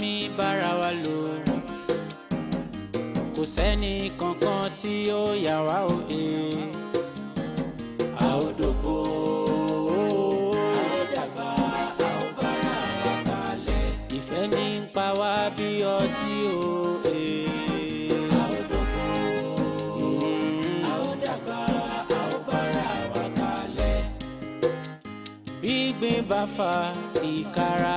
mi bára wa lò kò sẹ́ni kankan tí ó yà wá òye àódògbò. ìfẹ́ ní ń pa wá bí ọtí e. òye. Mm. gbígbín bá fa ìkara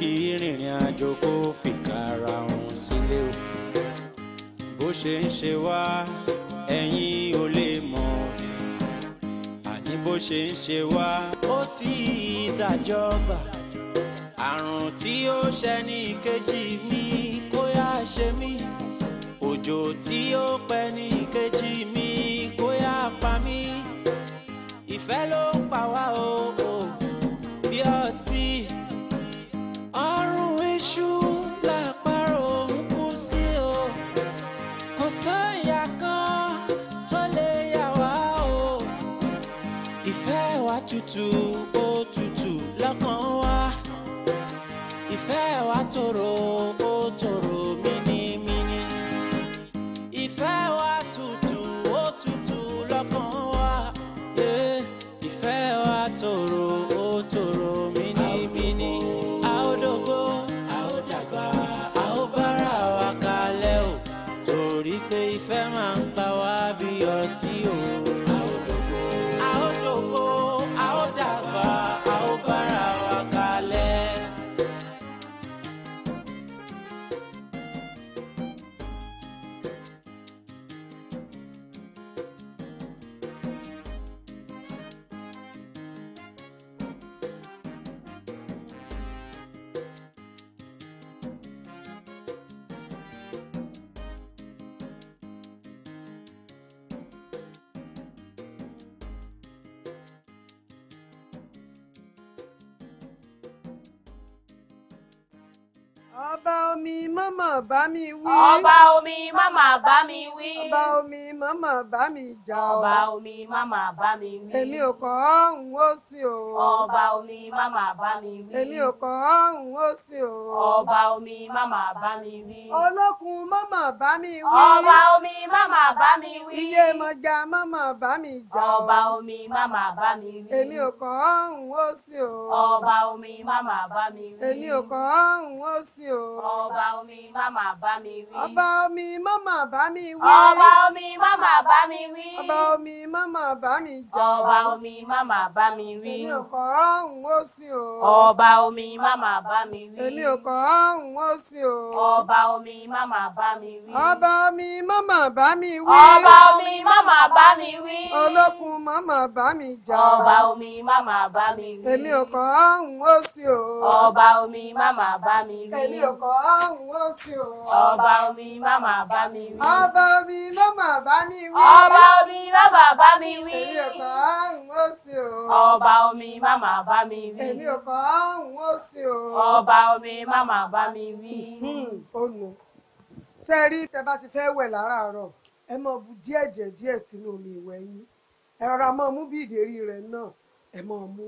kí rìnrìn àjò kó fìkàrà ọ̀hún sílé o bó ṣe ń ṣe wá ẹ̀yin ò lè mọ̀ àní bó ṣe ń ṣe wá ó ti dàjọba àrùn tí ó ṣe ní kejì mi kó yá ṣe mí òjò tí ó pẹ́ ní kejì mi kó yá pa mí ìfẹ́ ló ń pa wá o bí ọtí. tutù ó tutù lọ́kàn wa ìfẹ́ wa tòrò. mọ̀mọ̀ bá mi wí. ọba omi mọ̀mọ̀ bá mi wí. ọba omi mama, bá mi jà o. ọba omi mọ̀mọ̀ bá mi wí. èmi ò kọ́ ń ó sí o. ọba omi mama, bá mi wí. èmi ò kọ́ ń ó sí o. ọba omi mọ̀mọ̀ bá mi wí. olókun mọ̀mọ̀ bá mi wí. ọba omi mọ̀mọ̀ bá mi wí. iye mọ̀jà mọ̀mọ̀ bá mi jà o. ọba omi mọ̀mọ̀ bá mi wí. èmi ò kọ́ ń ó sí o. ọba omi mọ̀mọ̀ bá mi wí. èmi ò kọ́ ń ó sí o. ọba omi omi má mà bá mi wí. ọba omi má mà bá mi wí. ọba omi má mà bá mi wí. ọba omi má mà bá mi jà. ọba omi má mà bá mi wí. èmi ò kọ̀ ọ̀hún ó sìn o. ọba omi má mà bá mi wí. èmi ò kọ̀ ọ̀hún ó sìn o. ọba omi má mà bá mi wí. ọba omi má mà bá mi wí. ọba omi má mà bá mi wí. olókun má mà bá mi jà. ọba omi má mà bá mi wí. èmi ò kọ̀ ọ̀hún ó sìn o. ọba omi má mà bá mi wí. èmi ò kọ̀ ọ̀hún ó sí o. ọba omi má máa bá mi wí. ọba omi má máa bá mi wí. ọba omi má máa bá mi wí. èmi ò kọ́ ń ó sí o. ọba omi má máa bá mi wí. èmi ò kọ́ ń ó sí o. ọba omi má bá mi wí. Hmm, ó nu ṣe rí tẹ bá ti fẹ́ wẹ̀ láràárọ̀ ẹ máa bu díẹ̀ jẹ̀ díẹ̀ sínú omi ìwẹ̀ yín ẹ rọra máa mú bí ìdérí rẹ̀ náà ẹ máa mú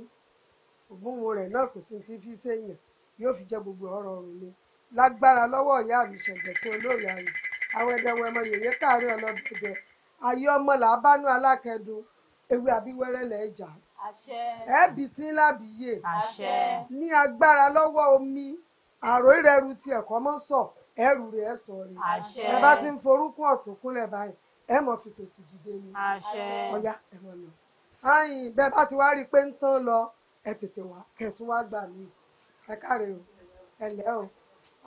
ògbóhùn rẹ̀ náà kò sí ti fi ṣèyàn yóò fi jẹ́ gbogbo ọ̀rọ̀ ọ̀run ni lágbára lọ́wọ́ ìyá mi ṣẹ̀gbẹ̀sẹ̀ olóòrè ayò àwẹ̀dẹ̀wẹ̀ ọmọ yèyé káàárẹ̀ ọlọ́dẹ̀dẹ̀ ayé ọmọ làbánú alákẹ́dùn ewé àbíwẹ́rẹ́ lẹ̀ jà ẹ̀ẹ́bì tí ń lábìyè ní agbára lọ́wọ́ omi àrò ìrẹrù ti ẹ̀kọ́ mọ́ sọ ẹrù rẹ̀ ẹ̀ sọ rẹ̀ ẹ bá ti ń forúkún ọ̀tún kúnlẹ̀ báyìí ẹ mọ̀ fi tòsì dìde ni ọ̀yá ẹ mọ̀ lọ. ayin bẹ́ẹ̀ bá ti wá rí i pé ń tán lọ ẹ tètè wá kẹ̀tún wá gbà mí ẹ káre o ẹ lẹ́ o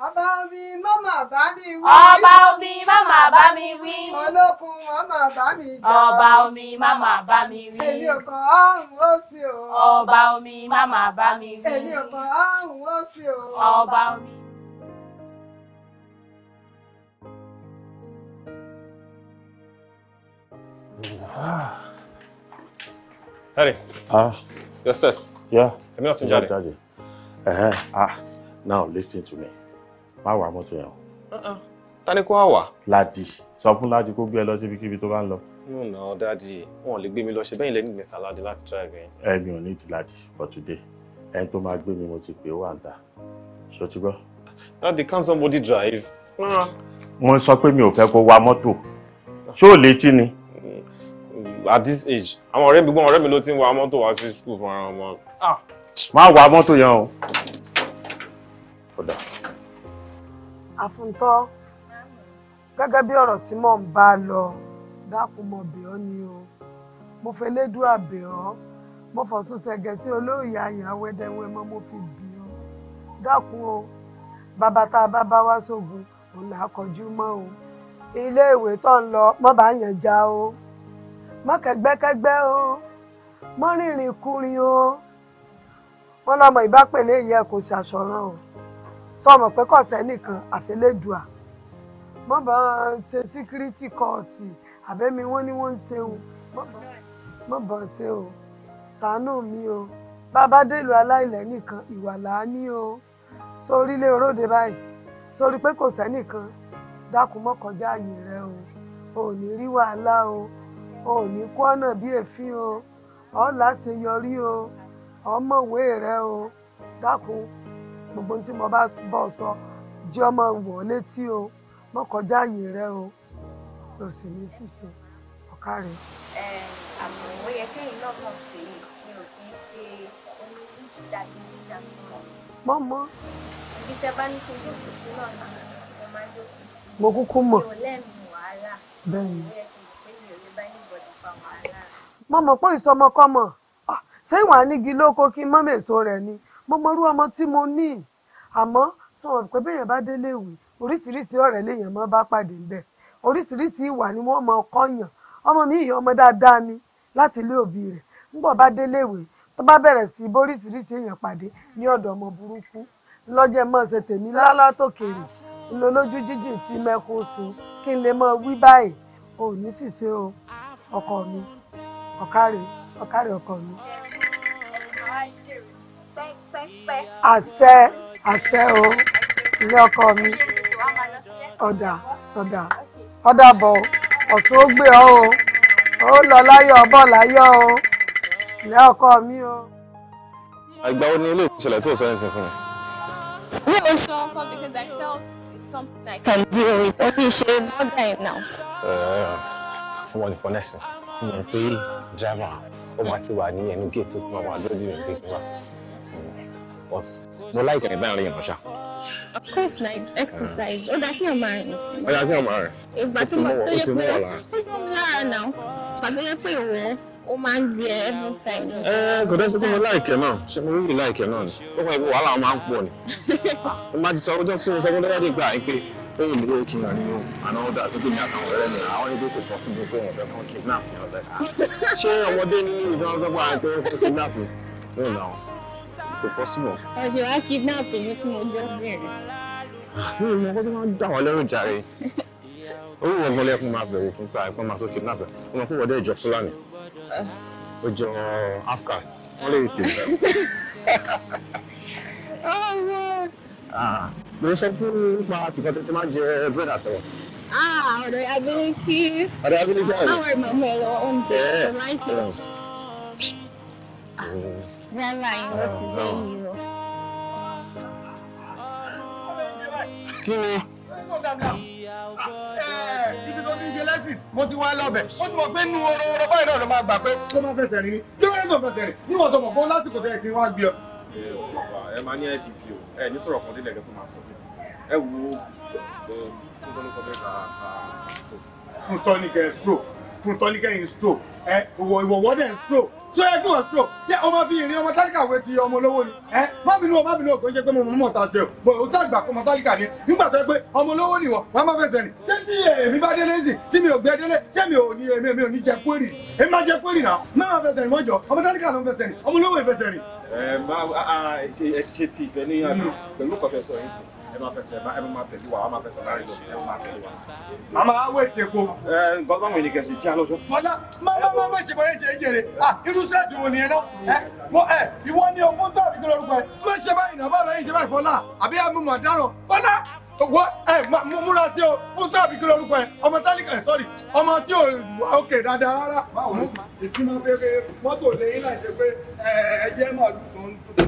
ọba omi mọ́mà bá mi wí. ọba omi mọ́mà bá mi wí. olókun mọ́mà bá mi jà. ọba omi mọ́mà bá mi wí. èmi ò kọ ọ̀hún ó sì o. ọba omi mọ́mà bá mi wí. èmi ò kọ ọ̀hún ó sì o. ọba omi. Ah. Harry. Ah. You're set. Yeah. I'm Èmi náà ti jáde. Ah. Now listen to me má wà mọ́tò yẹn o. Uh-uh. ta ni kó wà wà. Ladi sọ fún Ladi kó gbé ẹ lọ síbikíbi tó bá ń lọ. no no dadi wọn ò lè gbé mi lọ ṣe bẹ́yìn lẹ́yìn Mr. Ladi láti drive yẹn. ẹmi ò ní ìdí Ladi for today ẹni tó máa gbé mi mo ti pè ó wà ń ta ṣó ti gbọ́. dadi can somebody drive. mo sọ pé mi ò fẹ́ kó wa mọ́tò ṣó ò létí ni. Mm, at this age àwọn ọ̀rẹ́ mi gbọ́n ọ̀rẹ́ mi ló ti ń wa mọ́tò wá sí school fún ara wọn. má wa mọ́tò yẹn o. kódà àfúntọ́ gẹ́gẹ́ bí ọ̀rọ̀ tí mò ń bá lọ dákun mo bẹ̀ ọ́ ni o mo fẹ́ lẹ́dùá bẹ̀ ọ́ mo fọ̀sùn ṣẹ̀gẹ̀ sí olóòyè àyàn awẹ́dẹ́wẹ́ mọ́ mo fi bì ọ́ dákun o bàbá tá a bá bá wá sógun òun là á kọjú mọ́ o ilé tó ń lọ mọ́ bá yàn já o mọ́ kẹgbẹ́kẹgbẹ́ o mọ́ rìnrìn kúrin o wọ́n lọ́mọ ìbápẹ̀lẹ́ ìyẹ́ kò ṣàṣọ̀ràn o sọmọ pé kọ̀sẹ́ nìkan àfẹlẹ́dùà mọ́ bá ṣe síkírítì kọ́ọ̀tì àbẹ́mi wọ́n ní wọ́n ń ṣe o mọ́ bá ṣe o ṣàánú mi o bàbá dèlù nìkan ìwà làání o sórí ilé oróde báyìí sórí pé kò sẹ́nìkan dákun mọ́ kọjá àyè rẹ o ò ní rí wàhálà o ò ní kú ọ̀nà bí èéfín o ọ̀ láṣeyọrí o ọmọwé rẹ o dákun gbogbo tí mo bá bọ̀ sọ jẹ́ ọmọ wọ̀ létí o mọ́ kọjá àyè rẹ o lọ sí ní ṣìṣe ọ̀ká rẹ. àmọ́ ó yẹ kẹ́yìn náà mọ̀ pé mi ò kì í ṣe onídàgbìnrin àgbọ̀n. mọ́ ibi tẹ bá ní kí n jókòó sí náà ni mo máa jókòó sí. mo kúkú mọ̀. mi ò lẹ́nu wàhálà. bẹ́ẹ̀ ni. yẹ kí n pè mí ò bá yín bọ̀dọ̀ fa wàhálà. mo mọ̀ pé ìsọmọkọ́mọ ah, ṣé ìwà nígi lóko kí mọ́mèso rẹ̀ ni mo mọrú ọmọ tí mo ní àmọ́ sọ wọn pé béèyàn bá délé ìwé oríṣiríṣi ọ̀rẹ́ lèèyàn máa bá pàdé ń bẹ oríṣiríṣi ìwà ni wọ́n máa kọ́yàn ọmọ mi yìí ọmọ dáadáa ni láti ilé òbí rẹ̀ ńgbọ̀ bá délé ìwé tó bá bẹ̀rẹ̀ sí bóríṣiríṣi èèyàn pàdé ní ọ̀dọ̀ ọmọ burúkú lọ́jẹ́ mọ́ ṣe tèmi lálá tó kéré ńlọlójú jíjìn tí mẹ́kún sí kí n lè mọ wí báyìí ò ní sì ṣe o ọkọ mi ọ̀kárẹ̀ ọ̀kárẹ̀ ọkọ mi pẹ́. àṣẹ àṣẹ o ilé ọkọ mi ọ̀dà ọ̀dà ọ̀dà bọ̀ ọ̀sùn ó gbé ọ o ó lọ láyọ̀ ọbọ̀ láyọ̀ o ilé ọkọ mi o. àgbà wo ni ilé ìṣẹ̀lẹ̀ tí o sọ ẹ̀sìn fún mi. mi ò sọ ọkọ because I felt it's something I can deal with orí ìṣe lọ́gà ẹ̀ náà. wọ́n ní fọ́nẹ́sì mo mọ̀ pé dírẹ́fà ó máa ti wà ní ẹnu géètì tó máa wà lójú ìgbéga but mo láì kẹ̀kẹ́ dáhùn lẹ́yìn ránṣà. of course like, exercise ó dáa kí ọmọ rìn. ó dáa kí ọmọ rìn. ìgbà tó mọ tó yẹ pé ó ti mú mi lára náà ìgbà tó yẹ pé ìwọ ó máa ń gbé every Friday. ẹ kò dẹ́ sọ pé mo láìkẹ́ náà ṣe mo rí láìkẹ́ náà ni ó kàn ń wàhálà wọn máa ń pọ̀ ni. mo máa ti sọ ọjọ́ tí mo sọ fún dọ́ládé gbà pé ó yẹ mi lóye kí n rà nínú àná ọ̀dà tó gbìyànjú àtàwọn ọ̀rẹ́ mi àwọn ẹgbẹ́ kò pọ̀ síbi pé wọ́n fẹ́ kàn kidnap mi ọ̀sẹ̀. Ah. ṣé ọmọdé ní ìjọba sọ́gbà àìpẹ́ kidnap mi? kò pọ́ sí mọ́. ọ̀sẹ̀ wá kidnap èmi tí mo jọ bẹ̀rẹ̀. Ah, mi ò mọ kó tó máa ń dà wọ́n lẹ́rù jàre owó ọgbọ́n lẹ́kùn máa bẹ̀rẹ̀ fún pa ẹ̀kọ́ máa tó kidnap ẹ̀ ọmọ fún wọ́dẹ́ ìjọ fúlàní ah. ó jọ afcast wọ́n lè tè bẹ́ẹ̀. Oh, ah, mo sọ fún nípa kìkan tó ti máa jẹ bẹ́ẹ̀dà tọ̀wọ̀. ọ̀rọ̀ abiliki ọ̀rọ̀ abiliki ọ̀rọ̀ àwọn ìmọ̀ọ́mọ̀ ẹ̀rọ oúnjẹ eh, láìpẹ́ yálà mo ti wá lọ́bẹ̀ ó ti mọ̀ pé nu oró oró báyìí náà ló máa gbà pé ló máa fẹsẹ̀ rìn kí wọ́n yóò fẹsẹ̀ rìn ní wọ́n tó mọ̀ fún lásìkò tẹ́ ẹ ti gbé ọ. ẹ máa ní ipp o ẹ ní sọ̀rọ̀ kan délẹ̀ kẹ́kọ̀ọ́ máa sọ ẹ wo fún tọ́ni sọ bẹ́ẹ̀ ká stroke. fún tọ́ni kẹ́ stroke fún tọ́ni kẹ́yìn stroke ẹ ìwọ̀ ìwọ̀ stroke tó yẹ kí wọ́n sọ yẹ ọmọ bíi irin ọmọ tálíkà wé ti ọmọ olówó ni ẹ má bínú o má bínú o kò ń ṣe pé mo mọ̀ ta ṣe o bọ̀ o tàgbà kó ọmọ tálíkà ni nígbà tó yẹ pé ọmọ olówó ni wọ wọn má fẹsẹ̀ rìn ṣé tí èmi bá délé sí tí mi ò gbé délé ṣé mi ò ní èmi èmi ò ní jẹ kúrì èmi má jẹ kúrì náà má má fẹsẹ̀ rìn mọ́jọ ọmọ tálíkà ló ń fẹsẹ̀ rìn ọmọ olówó ì ẹ máa fẹsẹ̀ ẹ máa tẹ̀lé wa ẹ máa fẹsẹ̀ láàrin lọ ẹ máa tẹ̀lé wa. màmá awé ti po. ẹ nǹkan báwọn ènìyàn kẹsì jẹ́ alọ́sọ. fọlá má má má má ṣe bọ́ yẹn ṣe é jèrè ah irú sẹ́ẹ̀tì wo nìyẹn náà ẹ mo ẹ ìwọ ni ogún tó àbí kí lórúkọ ẹ má ṣe báyìí náà báyìí náà ṣe báyìí fọlá àbí ẹ mú mọ̀ dáràn fọlá wọ́n ẹ múra sí o fún tàbí kí lórúkọ ẹ ọmọ tálíkà ẹ sọ́ọ̀rì ọmọ tí ò wá òkè dáadáa rárá. báwo ni ìtumọ̀ bẹ̀rẹ̀ mọ́tò lẹ́yìn láì jẹ́ pé ẹ̀ẹ́dẹ́gbẹ̀rún tó ń tó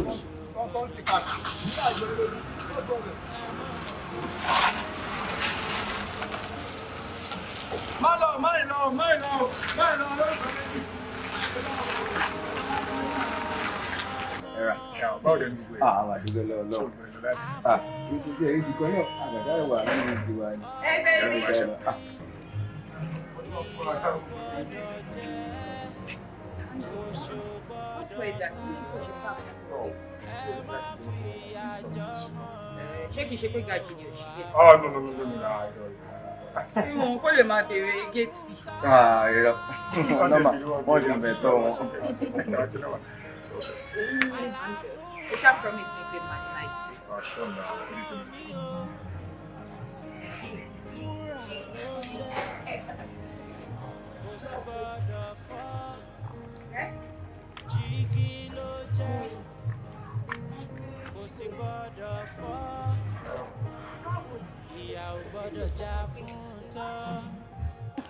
ń tó ń ti kàkà nígbà ìjọba lórí ọjọ́ rẹ̀. Milo, Milo, Milo, Milo. Àwọn àdúgbò lọ lọ. Títí èyí ti kọ́ náà, àgbàdo àìwà nínú ìdìbò àná. Ẹ bẹ́ẹ̀ ni. tó ẹja sí ṣé kìí ṣe pé gàjì ni òṣì gate. ọ oh, no no no no no no ìwọ̀n kó lè máa béèrè gate fee. ààrẹ ọlọ́mà bọ́ọ̀lù ìbẹ̀tọ̀ wọn. o ṣá promise me pé màá ní nice day. ọ̀ṣọ́ mi àwọn ọ̀rẹ́ tó ń bọ̀. Jigi ló jẹ́ kò sí gbọ́dọ̀ fọ́.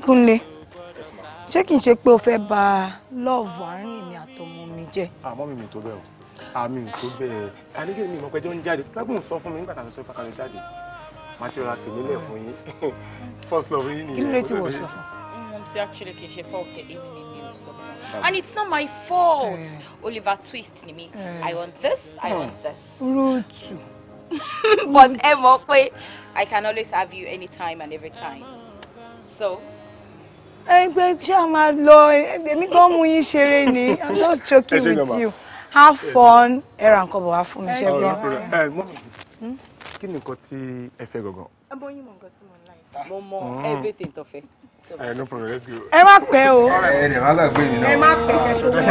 Kúnlé ṣé kìí ṣe pé o fẹ́ ba lọ́ọ̀vù àárín èmi àtọmọ mi jẹ́. àmọ́ mi mi tó bẹ́ẹ̀ o àmì mi tó bẹ́ẹ̀ àníkè mi ìmọ̀pẹ́jọ́ ń jáde lágbóhùn sọ fún mi nígbà tá a sọ fún akalẹ̀ jáde má ti rọra fèmí lẹ̀ fún yín first love yín nìyẹn. kí ló dé tí wọ́n sọ fún. mom say actually kì í ṣe fault èmi ni mi ò sọ fún and it's not my fault eh. Oliver Twist ni mi eh. I want this I hmm. want this. rúùtù. but ẹ mọ̀ pé. I can always have you anytime and every time. So. Ẹgbẹ́ ṣé a máa lọ èmi kan mú yín ṣeré ni I'm just joking with you have fun ẹ̀rà nǹkan bọ̀ wá fún mi ṣe gbọ́. Hmm? Kí ni nǹkan tí ẹ fẹ́ gangan? Ẹ bọ́ yín mọ̀ nǹkan tí mo ń láyé. Mo mọ hmm. everything tó Ẹ má pẹ́ o. Ẹ má pẹ́ kẹ́tọ́ wọlé.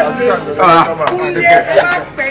Kúnlé ẹ má pẹ́.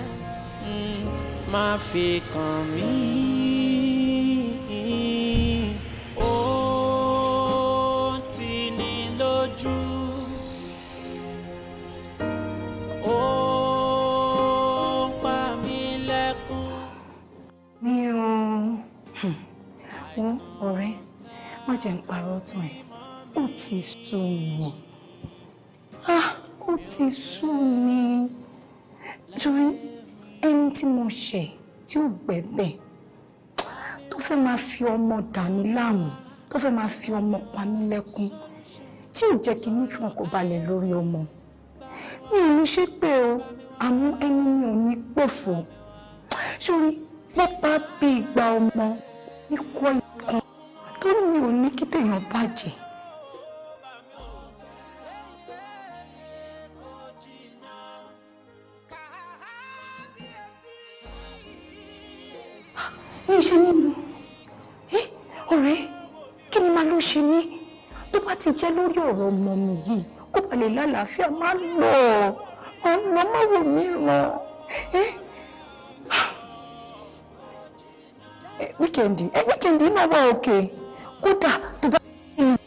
má fi kàn mí. mi ò hmm, wọ́n ọ̀rẹ́ má jẹ́ ń parọ́ tán ẹ̀ ó ti sú mi ah, ó ti sú mi torí ẹni tí mo ṣẹ̀ tí ò gbẹ̀gbẹ̀ tó fẹ́ máa fi ọmọ dà mí láàmú tó fẹ́ máa fi ọmọ pa mí lẹ́kún tí ò jẹ́ kí ní fi wọn kò balẹ̀ lórí ọmọ mi ò ní ṣe pé o àmọ́ ẹnu mi ò ní pòfo sórí pápá bí ìgbà ọmọ ní kọ́ ìkan torí mi ò ní kí tèèyàn bàjẹ́. mi ò ṣe nílò ọ̀rẹ́ kí ni màá ló ṣe ní tó bá ti jẹ́ lórí ọ̀rọ̀ ọmọ mi yìí kó bàa lè lálàáfíà má lọ ọ̀nà má wò mí ràn wíkẹ̀ndì wíkẹ̀ndì náà wà òkè kódà tó bá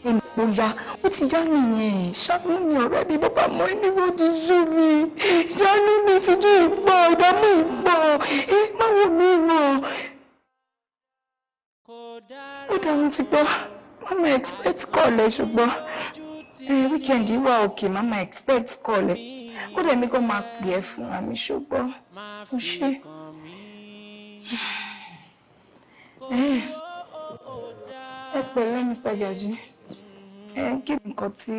olùpọ̀yà ó ti já nìyẹn ṣàánú mi ọ̀rẹ́ mi bàbá mọ́ ẹni wo ti sú mi ṣàánú mi ti dún ìpọ̀ ìdààmú ìpọ̀ má wò mí ràn ó dá mo ti gbọ́ mama expect call ẹ ṣùgbọ́n eh, weekend wà òkè mama expect call ẹ kódà èmi kò máa pè ẹ́ fúnra mi ṣùgbọ́n mo ṣe. Eh, ẹ pẹ̀lẹ́ Mr. Gaji ẹ kí nǹkan tí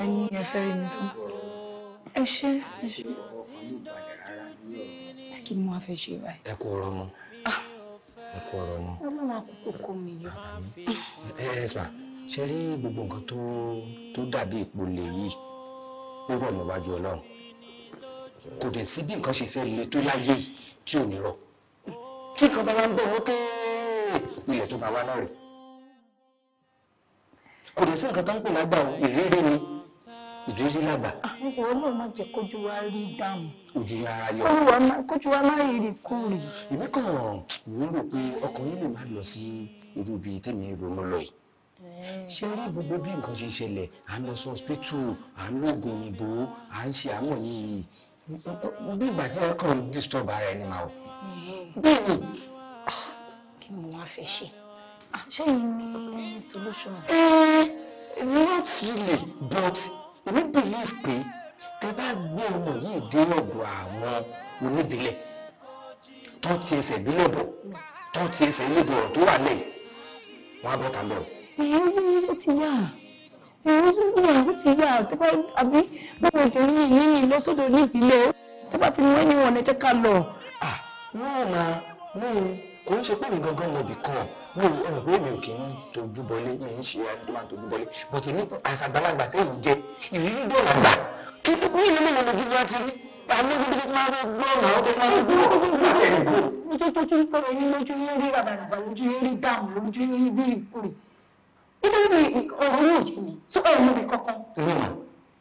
ẹni ẹ fẹ́ rí mi fún ẹ ṣe ẹ ṣe kí ni wọ́n fẹ́ ṣe báyìí. ẹ kò rọrùn ẹ kú ọ̀rọ̀ yín. ọlọ́run àkókò kò mí yọ. ẹ ẹ sà ṣe rí gbogbo nǹkan tó tó dàbí ìpolè yìí ó rọ̀ mọ́ wájú ọlọ́run kò dẹ̀ sí bí nǹkan ṣe fẹ́ le tó láyé yìí tí ò ní rọ̀ tí kan bá wá ń bọ̀ lókè ilẹ̀ tó bá wá náà rè kò dẹ̀ sí nǹkan tó ń pè lágbà ìrírí ni ìrírí lágbà. àwọn ah, ọlọ́run máa jẹ́ kójú wa rí dáhùn ojú ara yọ. kójú wa má rí rí kú rí. èmi kàn wò ó rò pé ọkàn yín lè má lọ sí irú ibi tèmi ronú lọ yìí ṣe rí gbogbo bí nǹkan ṣe ṣẹlẹ̀ à ń lọ sí ọ̀sìpítù à ń lóògùn òyìnbó à ń ṣe àwọn yìí bí ìgbà tí wọn kàn ń disturb ara ẹni máa wò. bẹ́ẹ̀ni kí ni mo wá fẹ́ ṣe ṣẹ́yìn ní solution. Eh, not really but we believe pé tẹ bá gbé ọmọ yìí dé ọ̀dọ̀ àwọn oníbílẹ̀ tó ti ẹsẹ̀ bílẹ̀ bọ̀ tó ti ẹsẹ̀ ilé bọ̀rọ̀ tó wà lẹ̀ wọn á bọ̀ tà lọ. èyí ló ti yá èyí ló ti yá tó bá àbí bọ́mọ̀ jẹ́ yìí yìí lọ sọ́dọ̀ ní ìbílẹ̀ tó bá ti mú ẹni wọn ẹ jẹ́ ká lọ. náà máa mú un kò ń ṣe pé mi gangan mo bì kan mi ò ẹnu pé mi ò kì í tójú bọlé mi ń ṣe àdúrà tójú bọlé bọ̀tẹ̀ ní àṣàgbàlagbà tẹ̀yìn jẹ ìrírí dọ̀làgbà kí kúkú ìlú mi lòlù jù láti rí àmì ibi tó máa ń gbọ́ ọ̀nà tó máa ń gbọ́ láti ẹ̀rì bò. ojú tó tún kọ́ ẹyin lójú yín rí ràbàràbà lójú yín rí dáàmú lójú yín rí bírì kúrì nítorí ọ̀rọ̀ yóò jẹ́ mi tó ọ̀rọ̀ mi kọ́kọ́. mi mà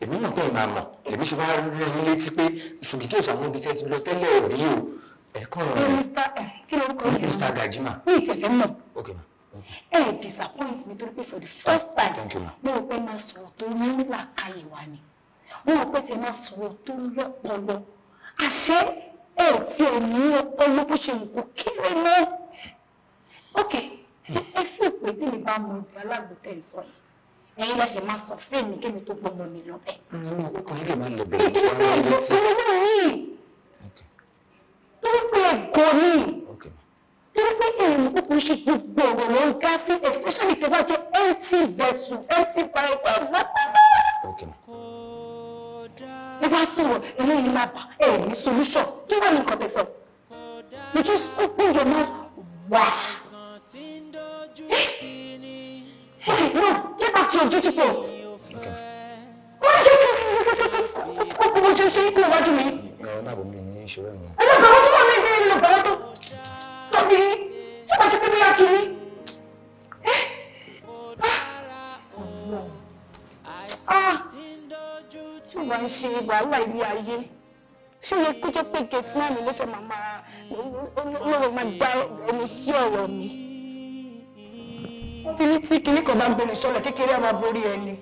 èmi náà kọ́ ìmọ̀ àmọ̀ èmi ṣe wá rí ẹni létí pé ṣùgbọ́n kí òṣàmú ibi tẹ́ ti lọ tẹ́lẹ̀ rí o ẹ̀kọ́ kọ́ ma ẹ disappoint mi torí pé for the first time mo rò pé máa sọ̀rọ̀ tó ní làkàyè wa ni mo rò pé tí ẹ máa sọ̀rọ̀ tó lọ́pọlọ àṣẹ ẹ ò tí ẹ ní ọpọlọ bó ṣe nǹkan kéré náà ok ṣé ẹ fi òpè tí mi bá mọ ibi alágbètẹ́ ìsọ yìí ẹ̀yin lẹ ṣe máa sọ fún mi kémi tó gbọmọ mi lọ bẹ́ẹ̀. nínú ọkàn yìí lè máa lọ bẹ̀rẹ̀ ìṣẹ́ ara rẹ tí. ìdílé yìí torí é, ẹ̀kọ́ ni torí pé èèyàn kúkú ṣe gbogbo ọ̀rọ̀ ló ń ká sí especially tí wọ́n jẹ́ empty vessel empty pipe ẹ wá sọ̀rọ̀ eléyìí máa bà ẹ ní solution kí wọ́n ní nǹkan tẹ̀ sọ. you just open your mouth wá. hey no get back to your duty post. wọ́n yẹ kó kó ojú ṣe kó iwájú mi. ẹ má bọ̀ mí ní ìṣòro yẹn. ẹ lọ bàwọ́ tó wà ní ilé ìlú bàwọ́ tó tóbi tí wọ́n ṣe pé bí a kiri. tí wọ́n ń ṣe wàhálà ilé ayé ṣé yẹ kó jẹ́ pé gẹ̀ẹ́tì náà ló ṣe máa máa ló ló máa dá ẹnu sí ọ̀rọ̀ mi. wọ́n ti ní tí kinní kan bá ń bẹ̀rẹ̀ sọ́lẹ̀ kékeré á máa borí ẹni.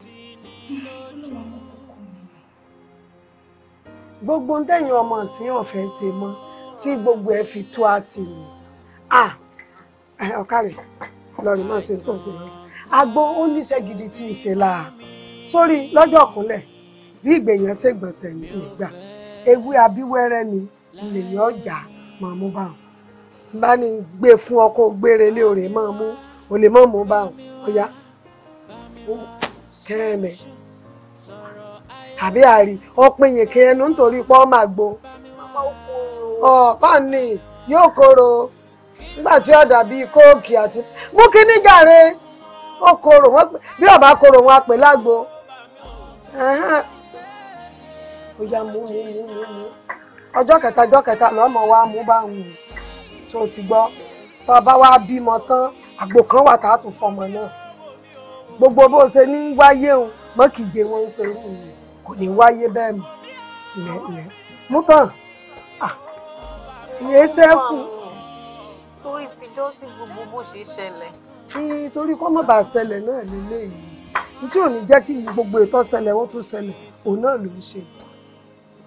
gbogbo ń tẹ̀yìn ọmọ sí ọ̀fẹ́ ṣe mọ́ tí gbogbo ẹ fi tó àti rù ọ̀kàrẹ̀ lọ́rùn máa ṣe tó ṣe máa ṣe àgbo ó níṣẹ́ gidi tí ì ṣe láà sórí lọ́jọ́ kúnlẹ̀ bí ìgbèyàn ṣègbọ̀nsẹ̀ nígbà ewé abíwẹ́rẹ́ ni lèyàn ọjà máa mú bá wọn bá ní gbé fún ọkọ gbére lé òrè máa mú òlè máa mú bá wọn ọyá kẹ́ẹ̀mẹ́ àbí àrí ọpin yìí kí ẹnu nítorí pọ́ máa gbó ọ̀pá ni yóò kóró nígbà tí ọ̀dà kóòkì àti mú kí ó bí ọba ó yá mú mú mú mú mú ọjọ́ kẹta ọjọ́ kẹta lọ́mọ wa mú bá wù ú tó o ti gbọ́ tó o bá wá bímọ tán àgbò kan wà tá a tún fọmọ náà gbogbo bó o ṣe ní wáyé o mọ́kìgé wọn ń pẹ̀lú ìyẹn kò ní wáyé bẹ́ẹ̀ mọ́ ìyẹn ìyẹn mú tán ìyẹn ṣẹ́kù. torí ti jọ́sí gbogbo bó ṣe ṣẹlẹ̀. torí kọ́ mọ̀ bá ṣẹlẹ̀ náà lélẹ́yìí tí ò ní jẹ́ kí gbogbo ètò ṣẹlẹ̀ wọ́n tún ṣẹlẹ̀ òun náà ló ń ṣe.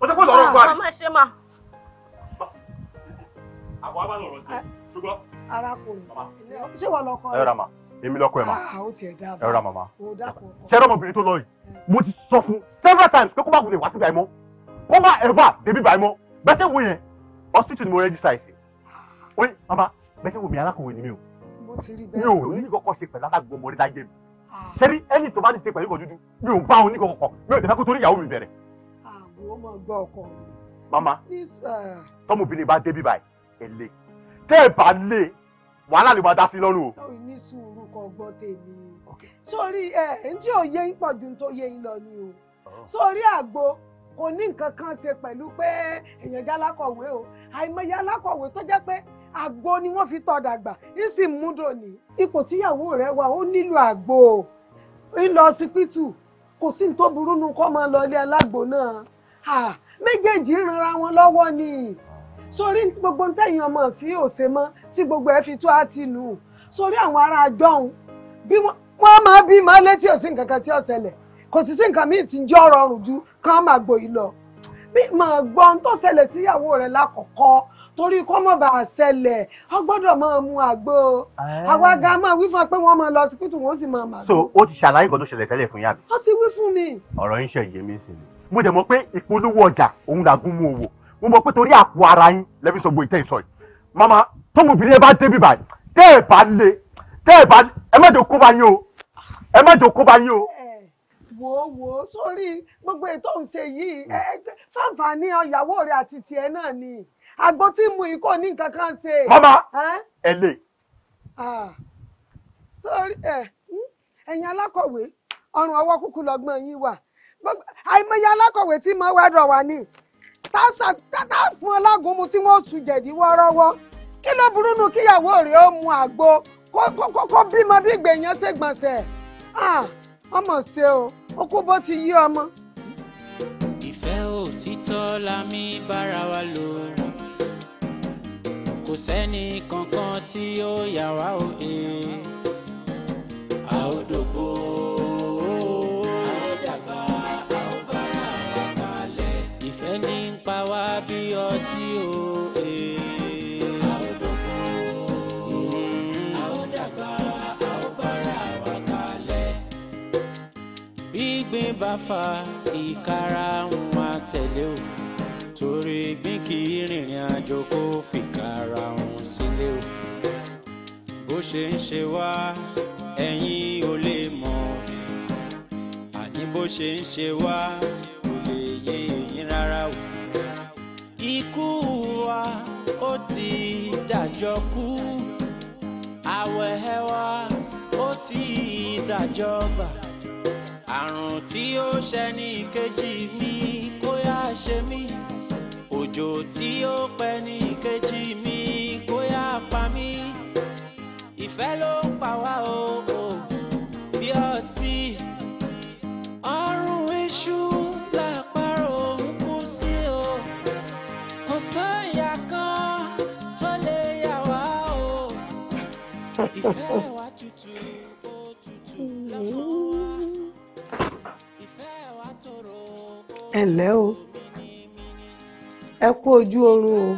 ó ah, ṣe pé lọ́rọ̀ gbà. ọmọ ṣe mà. àwọn abá lọ̀rọ̀ tiẹ̀ ah, ṣùgbọ́n. arákùnrin ṣé wà lọkọ rẹ. ẹ rà mà èmi lọkọ ẹ mà. Ah, ó tiẹ̀ dáa ẹ rà mà mà. ṣé ẹ̀rọ ọmọbìnrin tó lọ yìí eh. mo ti sọ fún several times pé kó má wulẹ̀ wá síbi àìmọ́ kó má ever débi bàìmọ́ bẹ́sẹ̀ wo yẹn hospital ni mo register ẹ̀ sí. oye mama bẹ́sẹ̀ wo mi alákùnrin ni mi o mi ò ní kọ́kọ́ ṣe pẹ̀lú alágbó ọmọdé dájẹ́ mi ṣé ní ẹni tó bá ní ṣe pẹ̀lú ìkọ̀ dúdú mi ò bá òun ní kọ̀kọ̀ mi ò tẹ́fẹ́ kó torí ìyàwó mi bẹ̀rẹ̀ mama uh, tọmọbìnrin bá débi báyìí ẹ lé tẹ́ ẹ bá lé wàhálà lè máa dá sí lọ́rùn o. ní sùúrù kan gbọ́ tèmi sórí ẹ ntí ò yé yín pọ̀ ju tó yé yín lọ ni o oh. sórí àgbo kò ní nǹkan kan ṣe pẹ̀lú pé èèyàn jẹ́ alákọ̀wé o àìmọye alákọ̀wé tó jẹ́ pé àgbo ni wọ́n fi tọ́ dàgbà ìsì múdò ní ipò tíyàwó rẹ̀ wà ó nílò àgbo ńlọ sípítù kò sí ní tó burú nu kọ́ máa lọ ilé alágbo náà méjèèjì ranra wọn lọ́wọ́ ni sórí gbogbo tẹ̀yìn ọmọ sí òsè mọ́ tí gbogbo ẹ̀ fi tó àti nù sórí àwọn ará àjọhún bí wọ́n máa bí máa létí òsín kankan tí ó ṣẹlẹ̀ kò sì sí nǹkan míì tí ń jẹ́ ọ̀rọ̀ ọ̀rùn ju kán máa gbòyìn lọ bí màá gbọ́ ohun tó ṣẹlẹ̀ síyàwó rẹ̀ lákọ̀ọ́kọ́ torí kó mọ̀ bá ṣẹlẹ̀ ọ gbọ́dọ̀ máa mu àgbo àwa ga máa wí fún ọ pé wọ́n máa lọ sípítù wọ́n sì máa màgbó. so o ti ṣàlàyé nǹkan ṣẹlẹ̀ tẹ́lẹ̀ fún yàrá. ó ti wí fún mi. ọ̀rọ̀ yín ṣe yé mi sí ni mo dẹ̀ mọ̀ pé ìpolówó ọjà òun làgùn mú owó mo mọ̀ pé torí àpò ara yín lẹ́bí sọ gbogbo ìtẹ́ ìsọ yìí mama tọmọbìnrin ẹ bá débi báyìí tẹ́ ẹ bá lé tẹ́ ẹ bá ẹ má jẹ́ kó bá yín o ẹ má jẹ́ kó bá yín o. wò ó sórí gbogbo ètò ìṣe yìí fáǹfààní ọ̀yàwó rẹ̀ àti tiẹ̀ náà ni àgbo tí mu yìí kò ní nǹkan kan ṣe. mama ẹ lè. sórí hmm, alákọ̀wé ọrùn ọwọ́ kúkú lọ́gbọ́n yín wà àìmọye alákọ̀wé tí mo wá dọ̀ wá ní tá fún ọlọ́gùn mu tí wọ́n tún jẹ̀dí wọ́ọ́rọ́wọ́ kí ló burú nu kíyàwó rẹ̀ ó mu àgbo kó bímọ bí gbèyàn ṣe gbọ̀nsẹ̀ ọmọ ṣe o ó kú bó ti yí ọmọ. ìfẹ́ òtítọ́ la mi bára wa lò kò sẹ́ni kankan tí ó yà wá òye. bá fa ìkara ń máa tẹ̀lé o torí gbìn kì í rìnrìn àjò kó fìkara òun sílé o bó ṣe ń ṣe wá ẹ̀yin ò lè mọ̀ àní bó ṣe ń ṣe wá kò lè yé èyí rárá o ikú wa ó ti dàjọ kú àwẹ̀ wa ó ti dàjọ bà àrùn tí ó ṣe ní kejì mi kó yá ṣe mí òjò tí ó pẹ́ ní kejì mi kó yá pa mí ìfẹ́ ló ń pa wá o bí ọtí ọrùn iṣu làpárò ń kú sí o kò sóyà kan tó lè yà wá o ìfẹ́ wa tutù ó tutù lọ́fọ̀ọ́. ẹ o ẹ kú ojú oorun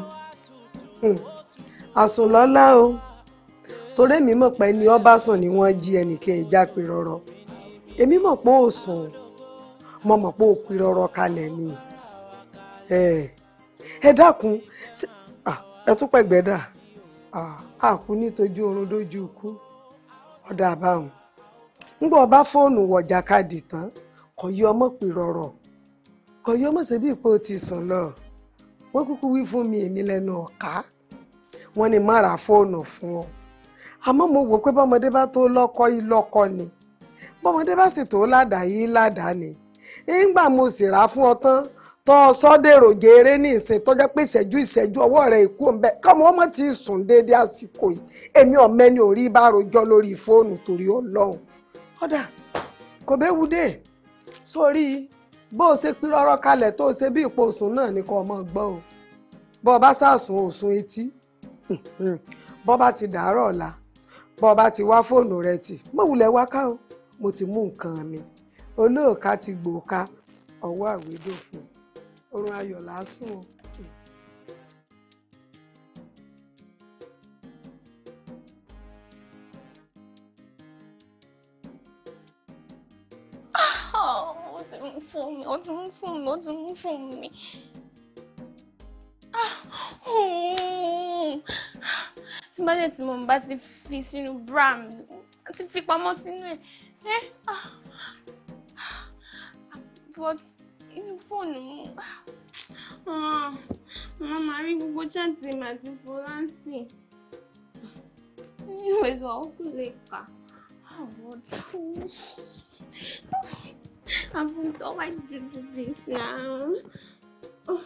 o àsùnlọ́lá hmm. o torí èmi mọ̀ pé ẹni ọba sùn ni wọ́n jí ẹnìkan ìjà pè rọ̀rọ̀ èmi mọ̀ pé ó sùn mo mọ̀ pé ó kalẹ̀ ni ẹ dákun ẹ tún pẹ̀gbẹ́ dà àkú nítojú oorun dójú ikú ọ̀dà àbáhùn ńgbọ́ ọba fóònù wọ̀jà kadì tán kò yí ọmọ pè kọ̀yọ́ mọ̀ ṣe bí ipò ti sùn lọ wọ́n kúkú wí fún mi èmi lẹ́nu ọ̀ká wọ́n ní má ra fóònù fún ọ àmọ́ mo wò pé bọ́mọdé bá tó lọ́kọ yìí lọ́kọ ni bọ́mọdé bá sì tó ládàá yìí ládàá ni ńgbà mo sì rà fún ọ tán tọ́ ọ sọ́dẹ̀rò geere ní ìsìn tọ́jọ́ pé ìṣẹ́jú ìṣẹ́jú ọwọ́ rẹ̀ ikú ń bẹ kọ́mọ ọmọ ti sùn déédéé àsìkò yìí èmi ọ̀mẹ́ni ò rí bá rojọ́ lórí fóònù torí ọlọ́run ọ̀dà kò bẹ́ẹ̀ wú dé sórí bó o ṣe pírọ́rọ́ kalẹ̀ tó o ṣe bí ipò òsùn náà ni kò ọmọ gbọ́ o bó o bá sàsùn òsùn etí bó o bá ti dàárọ̀ ọ̀la bó o bá ti wá fóònù rẹ tì mọ̀ wulẹ̀ wá ká o mo ti mú nǹkan mi olóòka ti gbòòka ọwọ́ àwédò fún orun ayọ̀ lásùn o. 怎么父母？我怎么父母？我怎么父母？ah oh tí bá dẹ̀ tí mo bá ti fi sínú bra mi ti fi pamọ́ sínú ẹ̀ ẹ́ ah but inú fóònù mo mo máa rí gbogbo chaatì mi àti fọláǹsì nínú ìwé ìwà ó ah but. I don't know to do this now. Oh.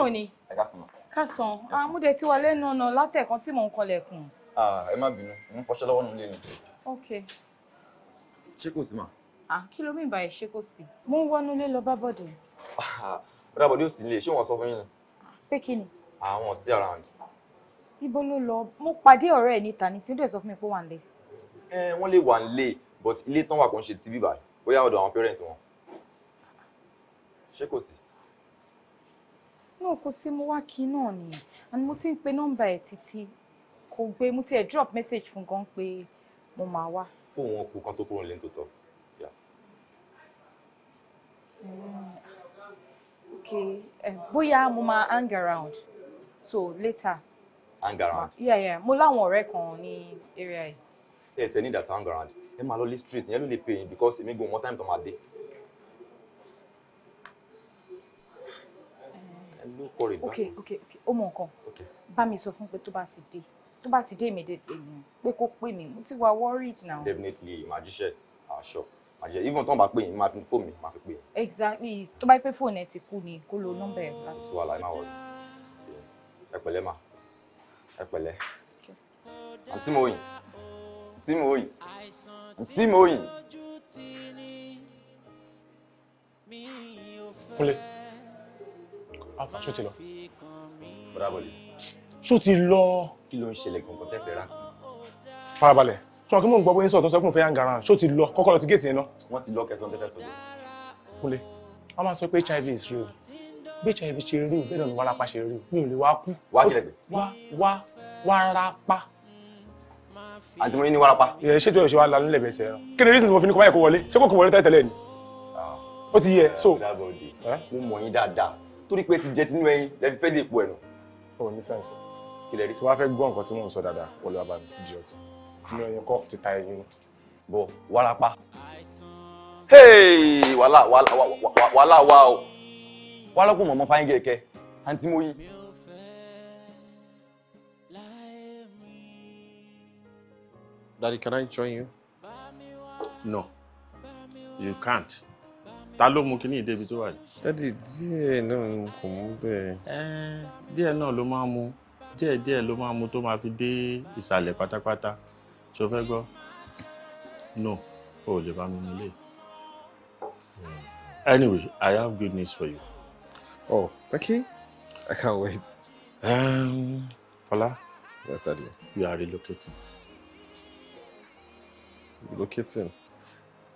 àbúrò ni. ẹ ká sàn. ká sàn àmúdẹ tí wà lẹ́nu ọ̀nà látẹ̀kan tí mò ń kọlẹ̀kùn. ẹ má bínú mo ń fọṣẹ́ lọ́wọ́ nù lé ni. ok. ṣé kò sí mà. kí ló mìíràn báyìí ṣé kò sí. mo ń wọnú lé lọ bá bọ̀dẹ̀. bọ́dà bọ̀dẹ̀ ò sí ilé ṣé wọ́n sọ fún yín ni. pé kí ni. àwọn ò sí around. ibo ló lọ mo pàdé ọ̀rẹ́ ẹ̀ níta ní tí ó dẹ̀ sọ fún mi pé wà ń lé. wọ́n lè wà ń lé but ilé tán wà kò ń ṣe tv báyìí bóyá ọ̀dọ̀ àwọn parents wọn ṣé kò sí náà kò sí mo wá kí náà ni and mo ti ń pe nọ́mbà ẹ̀ títí kò gbé mo ti ẹ̀ drop message fún gan pé mo máa wá. fóun wọn kú kan tó kúrò nílé tó mm, ok eh, bóyá mo máa hang around so later. hang around. yeah yeah mo láwọn ọ̀rẹ́ kan ní area yìí. ẹ tẹ ní ìdàtà hang around ẹ máa lọ lé street yẹn ló lè pè yín because èmi gan one time tó máa dé. ló kọ rè bá. ok ok ok ó mọ nǹkan bá mi sọ fún pé tó bá ti dé tó bá ti dé immediately pé kó pè mí mo ti wà worried now. definitely màá jíṣẹ́ àṣọ àṣẹ even tó ń bá pè yín máa fi fóònù mi máa fi pè yín. exactly tó bá pẹ́ fóònù ẹ ti kú ni kó lo nọ́mbà ẹ̀ láti. sùwà láì máa wọlé ẹ pẹ̀lẹ́ mà ẹ pẹ̀lẹ́ àǹtí mo yìn àǹtí mo yìn àǹtí mo yìn. kúnlẹ̀ alfa ah, ṣó ti lọ. bọ́dà bọ̀lì. ṣó ti lọ. kí ló ń ṣẹlẹ̀ gangan tẹ́fẹ̀ẹ́ rántí. farabalẹ̀ tí wọn kí mò ń gbọ́ bóyá sọ̀tún sẹ́kùn fẹ́ yàngàrà ṣó ti lọ kọ́kọ́ lọ ti géètì yẹn náà. wọ́n ti lọ kẹsàn-án tẹ́fẹ́ sọ̀tún. kúnlé wọ́n máa sọ pé hiv is real bí hiv ṣe rí o bẹ́ẹ̀ ni wárápá ṣe rí o mi ò lè wá kú. wá kílẹ̀ pé. wá wá wárápá. àti mo ní ní wárápá. ìyẹn ṣètò ìṣe wa lanú lẹ̀bẹ̀ ẹsẹ̀ rẹ̀ kí ni reason mo fi ní kọ́ báyìí kó wọlé ṣé torí pé ti jẹ tinú ẹyin lẹ́fi fẹ́ dèpò ẹ̀nà. ó oh, ní sẹ́ǹsì ilẹ̀ rí. tó bá fẹ́ gbọ́ nǹkan tí mò ń sọ dáadáa wọlé wa bá mi di ọtí inú ẹyin kọ́ ti ta ẹyin. bọ warapa wàhálà wàhálà wa o wàhálà kò mọ̀ ọmọ fáyín kẹ̀kẹ́ àǹtí mo yí. Daddy, can I join you? No, you can't ta ló mú kíní ìdébi tó wà yìí. dádì díẹ̀ náà ni kò mú bẹ́ẹ̀. díẹ̀ náà ló máa mu díẹ̀ díẹ̀ ló máa mu tó máa fi dé ìsàlẹ̀ pátápátá ṣo fẹ́ gbọ́ no o ò lè bá mi mú lé. anyway i have good news for you. oh okay i can't wait. Um, Fala. Yes, daddy. You are relocating. Relocating?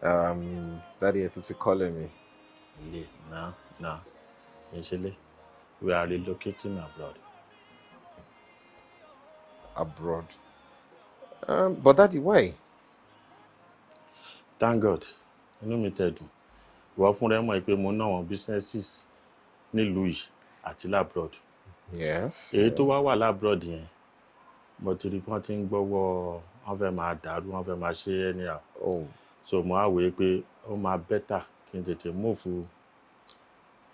um, dáàdi ẹ tún ti kọ́lẹ̀ mi. ilé náà náà we are relocating abroad. abroad um, but dáàdi why. thank god inú mi tẹ̀ dùn ìwọ fún rẹ mọ̀ pé mo ná àwọn businesses nílùú yìí àti abroad. yes èyí tó wá wà labroad yẹn mo ti rí i ń gbọ́wọ́ wọ́n fẹ́ máa dàrú wọ́n fẹ́ máa ṣe é ní à so mo á wòye pé ó máa bẹ́tà kí n tètè múfù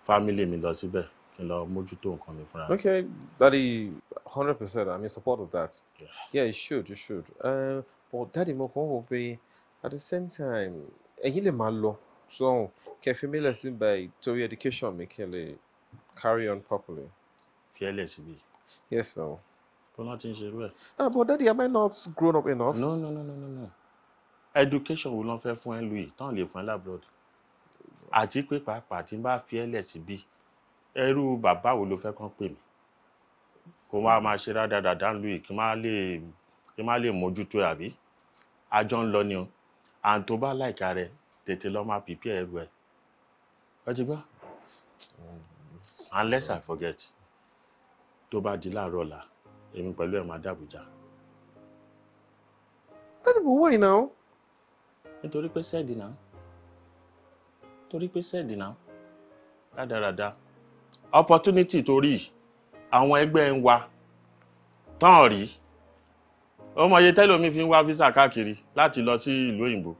family mi lọ síbẹ̀ kí n lọ mójútó nǹkan mi fúnra mi. okay daddy hundred percent i'm in support of that yeah, you should you should um, but daddy mo kàn wò pé at the same time ẹ̀yin lè máa lọ sọ́hùn kẹfí mi lẹ̀ sí báyìí torí education mi kí n lè carry on properly. fearless bi. yes sir. bọ́lá ti ń ṣe irú ẹ̀. ah but daddy am i not grown up enough. no no no no no. no education wo ló ń fẹ́ fún ẹ lóyè tán lè fún ẹ lábúròdì àti pé pàápàá tí n bá fi ẹ lẹ̀ síbí ẹrú bàbá wo ló fẹ́ kán pè mí kó má máa ṣe rádaràdà ń lóyè kí má lè kí má lè mójútó ẹ àbí àjọ ń lọ ni o à ń tó bá láìka rẹ tètè lọ máa pìpì ẹrù ẹ ẹ ti gbọ́ unless I forget tó bá di láàárọ̀ ọ̀la èmi pẹ̀lú ẹ̀ máa dàbújá. That's the way now nítorí pé sẹ́ẹ̀dì náà torí pé sẹ́ẹ̀dì náà rádaràda opportunity torí àwọn ẹgbẹ́ ń wa tán rí ọmọ iye tẹ́lómi fi ń wá visa káàkiri láti lọ sí ìlú òyìnbó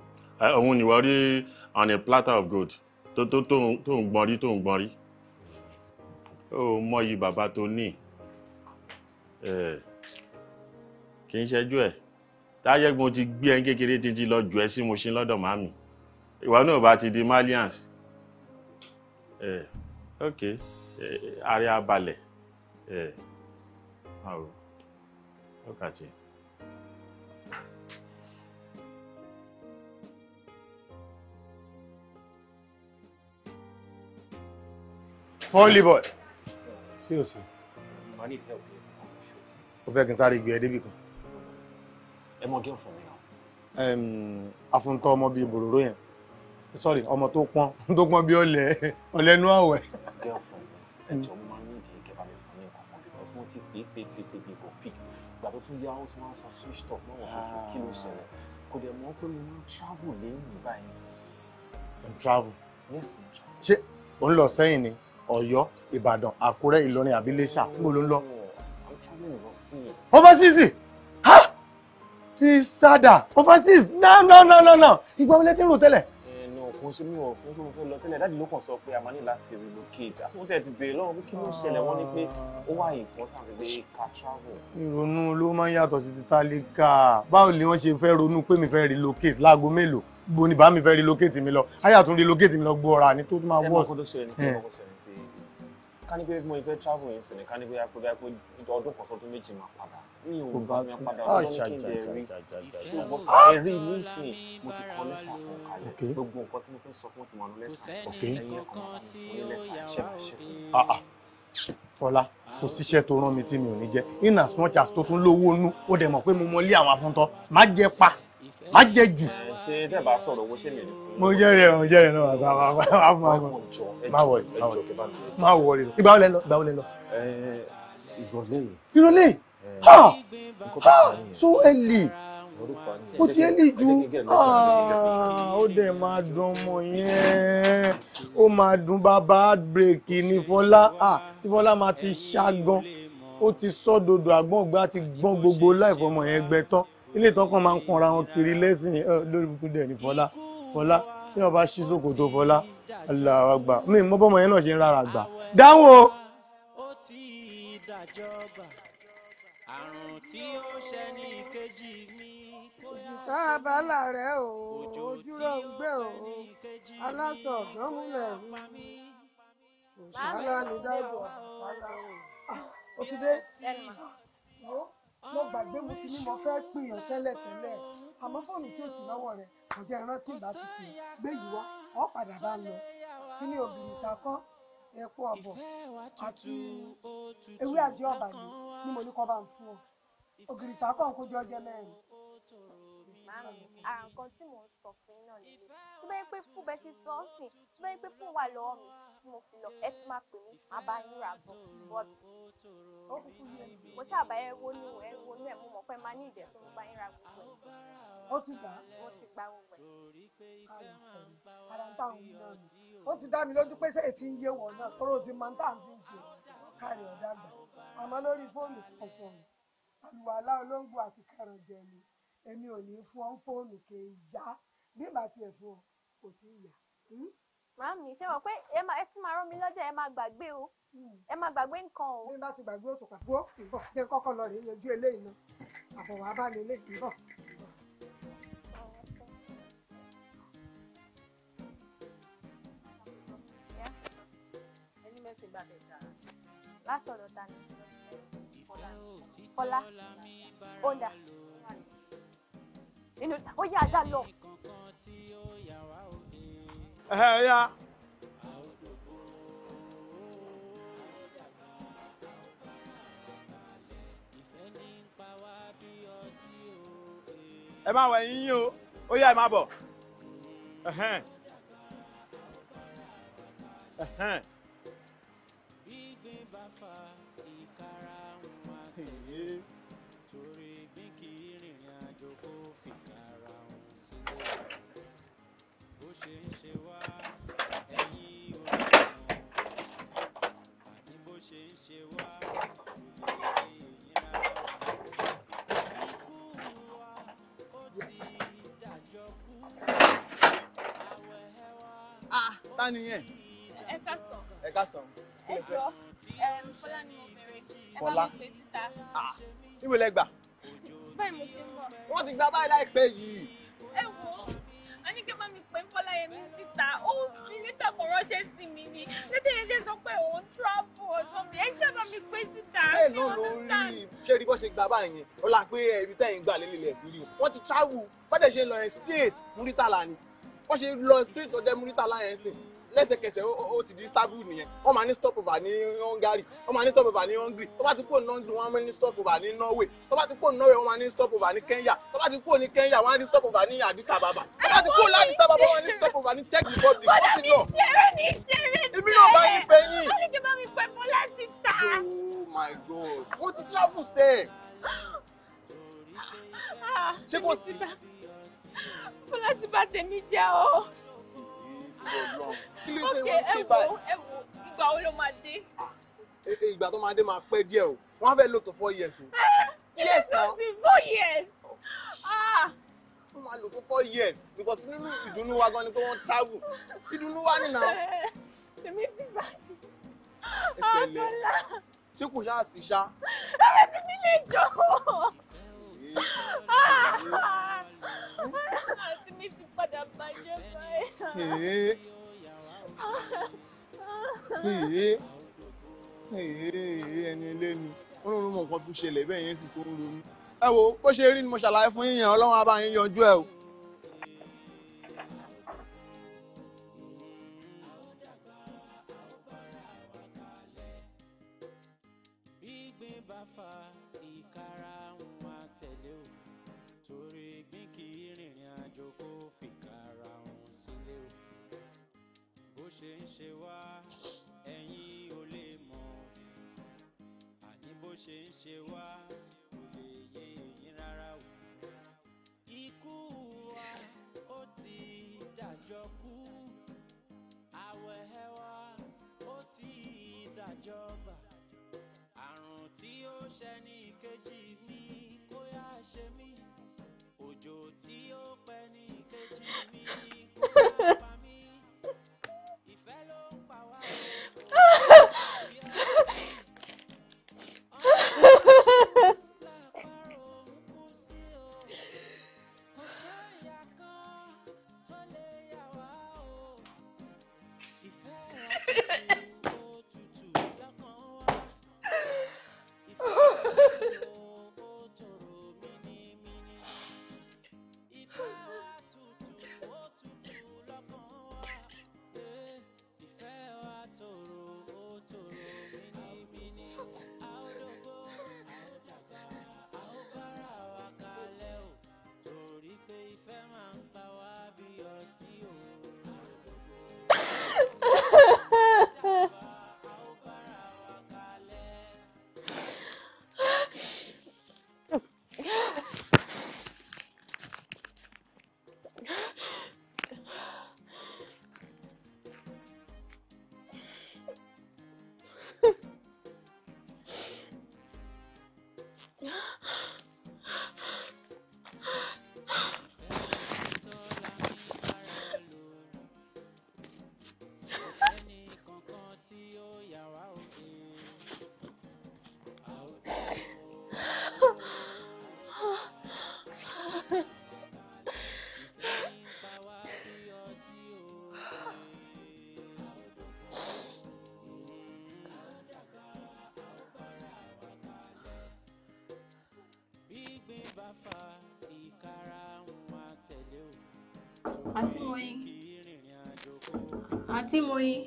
òun ni wọ́n rí on a platter of gold tó tó tó ń gbọ́n rí tó ń gbọ́n rí ó mọyì bàbá tó ní kì í ṣẹ́jú ẹ̀ táyẹ̀gbọ́n ti gbé ẹ kékeré títí lọ jù ẹ sí mo ṣe lọ́dọ̀ màmí ìwà náà bá ti di malians ẹ ok ààrẹ abalẹ̀ ẹ ọ̀rọ̀ ọkàtì. Fọ́nlì bọ̀. Ṣé o sì? Mo fẹ́ kí n sáré gbé ẹ débì kan ẹ mọ kí n fún mi náà. àfuntọ́ ọmọ bíi bòròró yẹn sorry ọmọ tó pọ́n tó pọ́n bí ọ̀lẹ ọ̀lẹ́nu àwẹ̀. kí n fún mi ẹjọ́ mo máa ń ní ìdí ìkẹfà mi fún mi kankan because mo ti pè pè pè pè pè kò pick ìgbà tó tún yá ó tún máa ń sọ switch top náà wà lókè kí ló ah. ṣẹlẹ̀ kò dẹ̀ mọ́ pé mo máa travel lẹ́yìn báyìí sí. travel. yes mo travel. ṣé ò ń lọ sẹ́yìn ni ọ̀yọ́ ìbàdàn àkúrẹ́ ìlọrin àbílẹ̀ṣà níbo ló ń lọ. Oh, i'm traveling overseas. overseas ti sádà overseas no no no no no ìgbà wo lẹ ti ń rò tẹ́lẹ̀. ẹnu òkun ṣe mí ò fún tó fẹ́ lọ tẹ́lẹ̀ dájú ló kàn sọ pé a máa ní láti relocate àfúntẹ̀ ti béèrè lọ́wọ́ pé kí ló ṣẹlẹ̀ wọ́n ní pé ó wà important pé ká travel. ìrònú ló máa ń yàtọ̀ sí ti tálíkà báwo ni wọ́n ṣe fẹ́ ronú pé mi fẹ́ relocate láago mélòó bo ni bá mi fẹ́ relocate mi lọ ayé àtún relocate mi lọ gbọ́ ọ̀rà ni tó máa wọ́ọ̀sì. ẹ ká ní pé mo fẹ́ travel yẹn sì ni ká ní pé kó bá ọdún kan sọdún méjì máa padà mi ò bá ti padà ọdún ní kí n dẹ̀ rí ṣùgbọ́n ẹ̀rí mi sì mo ti kọ lẹ́tà kan kalẹ̀ gbogbo nǹkan tí mo fẹ́ sọ fún ti wà ní lẹ́tà ẹ̀yìn ẹ̀kọ́ máa fún ní lẹ́tà ẹ̀ṣẹ̀ àṣẹ ah, ah. fọlá kò síṣẹ́ tó rán mi tí mi ò ní jẹ́ in as much as tó tún lówó nú ó dẹ̀ mọ̀ pé mo mọ ilé àwọn afúntọ́ má jẹ́ pa má jẹ jù. ṣé tẹ́ bá sọ̀rọ̀ owó ṣé mi ní fún. mo jẹ́rìí ẹ̀ mo jẹ́rìí náà bá bá bá bá bá má wọlé má wọlé ìgbà wọlé lọ ìgbà wọlé lọ. ìrọ̀lẹ́ yìí. ìrọ̀lẹ́ yìí ha ha so early ó ti early ju ah, ó dẹ̀ máa dùn ọmọ yẹn ó máa dùn bàbá heartbreak ní Fọlá ah, tí Fọlá máa ti ṣá gan ó ti sọ́dọ̀dọ̀ àgbọ̀ngbà ti gbọ́n gbogbo láìfọmọ yẹn gbẹ tán ilé ìtọ́kàn máa ń kanra wọn kiri lẹ́sìn lórí búkún dẹ̀ ní fọlá fọlá tí wọn bá ṣí sókòtò fọlá aláwa gbà mí mọ́ bọ́mọ yẹn náà ṣe ń rárá gbà dáhùn òṣìṣẹ́ abala rẹ̀ o ojúrò ń gbé o aláṣọ ọ̀dọ́múlẹ̀ mi òṣìṣẹ́ aláàánú dáìbò àpárá o. ó ti dé mo gbàgbé mo ti ní mo fẹ́ pè yàn tẹ́lẹ̀tẹ́lẹ̀ àmọ́ fóònù tí èsì lọ́wọ́ rẹ̀ kò jẹ́ rántí ìgbà tí kò gbé yìí wá ọ̀ padà bá lọ kí ni obìnrin sakọ́ epo ọ̀bọ̀ àti ewé àjẹ́ ọ̀bà yìí ni mo ní kọ́ bá ń fún ọ obìnrin sakọ́ ń kójú ọjọ́ mẹ́rin. àǹkan tí mò ń sọ fún yín náà nìyí tó bá yẹ pé fún bẹ́ẹ̀ ti sọ ọ́ sìn tó bá pé fún wà lọ́wọ́ mi tí mo fi ẹ ti máa pè mí máa bá yín rà bọ̀ bọ́ọ̀dù ó kúkú yé mi mo ṣáà bá ẹ wo ní ẹ wo ní ẹ mo mọ̀ pé máa ní ìdẹ̀ tó ń bá yín ra gbogbo ẹ̀. ó ti gbà á. ó ti gbà gbogbo ẹ̀. ara ń táwọn ń lọ ni ó ti dá mi lójú pé ṣé ètí ń yé wọn náà kóró ti máa ń tà ń fi ṣe kárí ọ̀dà gbà àmọ́ lórí fóònù ọ̀fọ̀n àlùwàlá olóńgbò àti kẹrànjẹ ni èmi ò ní fún ọ fóònù kì í yá bí bàtì ẹ̀fọn kò tí ì yá. Hmm? màámi ṣé wọn pé ẹ máa ẹ ti máa rán mi lọ́jà ẹ máa gbàgbé o hmm. ẹ máa gbàgbé nǹkan o. nígbà tí gbàgbé òtún pàpọ̀ ìbọ̀ jẹ́ kọ́kọ́ lọ rèé yanjú eléyìí náà àbọ̀wọ̀ abánilé ìbọ̀. látọ̀dọ̀ ta ni kọ́lá ọ̀dà inú ó yà á lọ ẹ̀hẹ̀ ya. ẹ máa wọ ẹyin yín o ó yá ẹ máa bọ̀. ẹ̀hẹ̀n ẹ̀hẹ̀n. ta ni yẹn. ẹ ká sàn. ẹ ká sàn. ẹ jọ Fọlá ni mo bèrè ẹ bá mi pè síta. níbo lẹ gbà. báyìí mo ṣe ń bọ̀. wọ́n ti gba báyìí láìpẹ́ yìí. ẹ wo a ní kí n bá mi pè Fọláyẹmí síta ó fi níta kò ránṣẹ́ mi ni lédè yẹn dé sọ pé òun tíráàbù ọ̀tọ̀ mi ẹ ṣe bá mi pè síta. ẹ ló lórí ṣé rí bó ṣe gbà báyìí yẹn ó là pé ẹbí tẹ̀yìn gbà lélẹ̀ fi rí o wọ́n ti travel fọ́dẹ̀ ṣe lo yẹn straight Muritala ni wọ́n ṣe lọ straight ọjọ́ Muritala yẹn sìn lẹ́sẹ̀kẹsẹ̀ ó ti di istanbul nìyẹn wọ́n máa ní stopover ní hungary wọ́n máa ní stopover ní hungary tó bá ti kúrò ní hungary wọ́n máa ní stopover ní norway tó bá ti kúrò ní norway wọ́n máa ní stopover ní kenya tó bá ti kúrò ní kenya wọ́n á ní stopover ní addis ababa tó bá ti kúrò ní addis ababa wọ́n á ní stopover ní czech republic ó ti lọ. èmi náà bá yín fẹ́ yín. wọ́n ní kí n bá mi pẹ́ fún lásìta. oh my god wọ́n ti travel sẹ́ẹ̀. Ah, ṣé kò sí. fúlàtì bá tèmi jẹ́ o kí ló dé wọn dé báyìí. ẹ wo ìgbà wo ló máa dé. Eh, eh, ìgbà tó máa dé máa pẹ́ díẹ̀ o wọ́n á lò tó four years o. Ah, yes na four years. Ah. wọ́n máa lò tó four years because nínú ìdùnnú wa gan ni pé wọ́n travel ìdùnnú wa nìyà. èmi ti bàjẹ́ àbọ̀là. Ah, ṣé kò ṣáà sí ṣá. ẹ̀rẹ́ ti mi lè jọ. Hey. Hey. Hey. ẹni eléni ó lóun mọ nǹkan tó ṣẹlẹ̀ bẹ́ẹ̀ yẹn sì tó ń ronú. ẹ wo bó ṣe rí ni mo ṣàlàyé fún yíyan ọlọ́run á bá yín yanjú ẹ o. àǹtí Moyin àǹtí Moyin.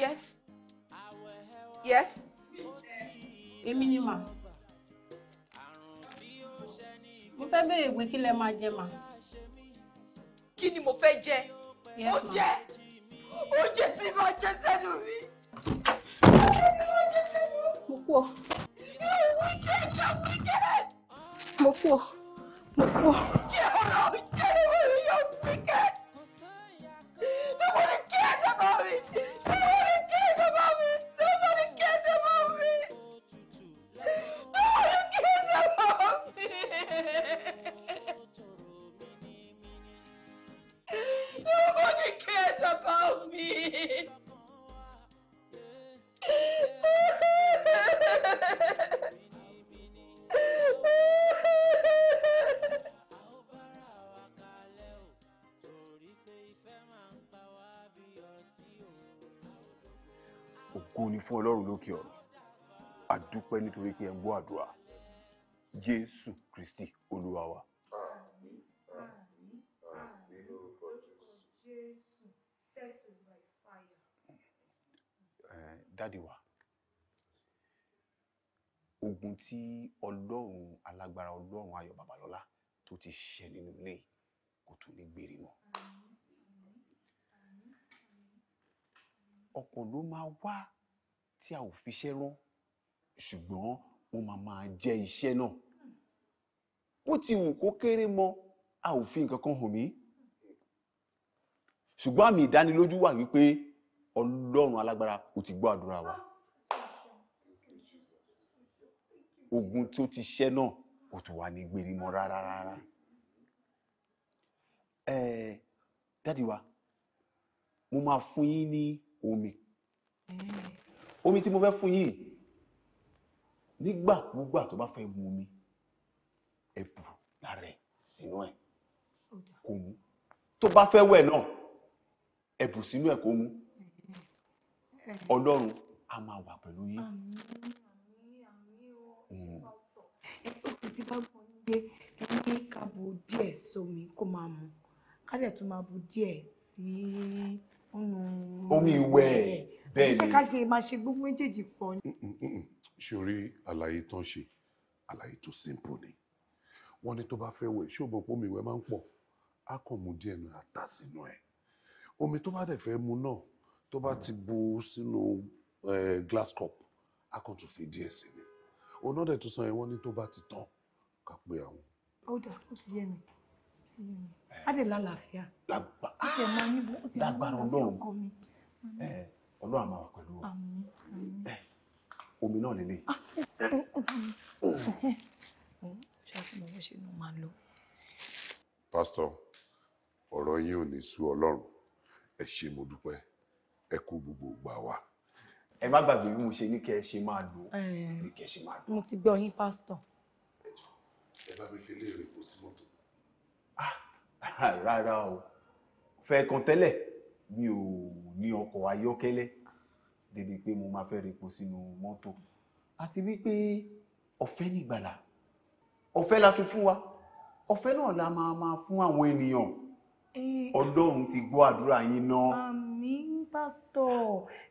Yes. Yes. Èmi ni mà. Mo fẹ́ béèrè pé kí lẹ máa jẹ mà kí ni mo fẹ́ jẹ oúnjẹ oúnjẹ tí mo jẹ sẹ́nu mi oúnjẹ tí mo jẹ sẹ́nu mi. mo kú ọ. you wicked you wicked. mo kú ọ mo kú ọ. ògo ni fún ọlọ́run lókè ọ̀run a dúpẹ́ nítorí pé ẹ ń gbọ́ àdúrà jésù kristi olúwa wa. dáàdi wa ogun tí ọlọ́run alágbára ọlọ́run ayọ̀ babalọ́lá tó ti ṣẹ nínú ilé kò tún ní gbèrè mọ́. ọ̀pọ̀ ló máa wá tí a ò fiṣẹ́ rán ṣùgbọ́n mo máa máa jẹ iṣẹ́ náà bó ti wù kó kéré mọ a ò fi nǹkan kan hàn mí ṣùgbọ́n àmì ìdánilójú wà wípé ọlọ́run alágbára kò ti gbọ́ àdúrà wa ogun tó ti ṣẹ́ náà kò tún wà ní gbèrè mọ́ rárá rárá ẹ̀ẹ́ dádì wa mo máa fún yín ní omi. Mm omi tí mo fẹ́ fún yìí nígbàkúgbà tó bá fẹ́ mu omi ẹ bù lára ẹ sínú ẹ kó mu tó bá fẹ́ wẹ̀ náà ẹ bù sínú ẹ kó mu ọlọ́run a máa wà pẹ̀lú yín. ó ti bá gbọ́n gbé ní ká bu díẹ̀ sómi kó máa mu ká dẹ̀ tún máa bu díẹ̀ sí omi ìwẹ̀ bẹ́ẹ̀ ni. ṣé ká ṣe máa ṣe gbogbo méjèèjì pọ̀ ni. sori mm, mm, mm. àlàyé tán ṣe àlàyé tó simple ni wọ́n ní tó bá fẹ́ wẹ̀ ṣé òbòpọ̀ omi ìwẹ̀ máa ń pọ̀ á kàn mú díẹ̀ nu àtà sínú ẹ̀ omi tó bá dẹ̀ fẹ́ mu náà tó bá ti bu sínú glass cup á kàn tún fi díẹ̀ sí ni òun náà dẹ̀ tún sàn wọ́n ní tó bá ti tán ká pé àwọn. ó dà ó ti yé mi ti yé mi adé lálàáfíà lágbára ọlọ́run ọlọ́run àmàwà pẹ̀lú ọ eh, omi náà lélẹ̀. Ah, eh, eh, o bó ṣe ló máa lò. pásítọ̀ ọ̀rọ̀ yín ò ní sú ọlọ́run ẹ ṣé mo dúpẹ́ ẹ kú gbogbo ìgbà wa ẹ má gbàgbé bí mo ṣe ní kẹ ṣe máa lò ní kẹ ṣe máa lò. mo ti gbọ́ yín pásítọ̀. ẹ bá mi fi léèrè kó sí mọ́tò rárá o fẹ́ kan tẹ́lẹ̀ mi ò ní ọkọ̀ ayọ́kẹ́lẹ́ débi pé mo máa fẹ́ repo sínú mọ́tò àti wípé ọ̀fẹ́ nìgbàlà ọ̀fẹ́ la fi fún wa ọ̀fẹ́ náà la máa máa fún àwọn ènìyàn ọlọ́run ti gbọ́ àdúrà yín náà. àmín pásítọ̀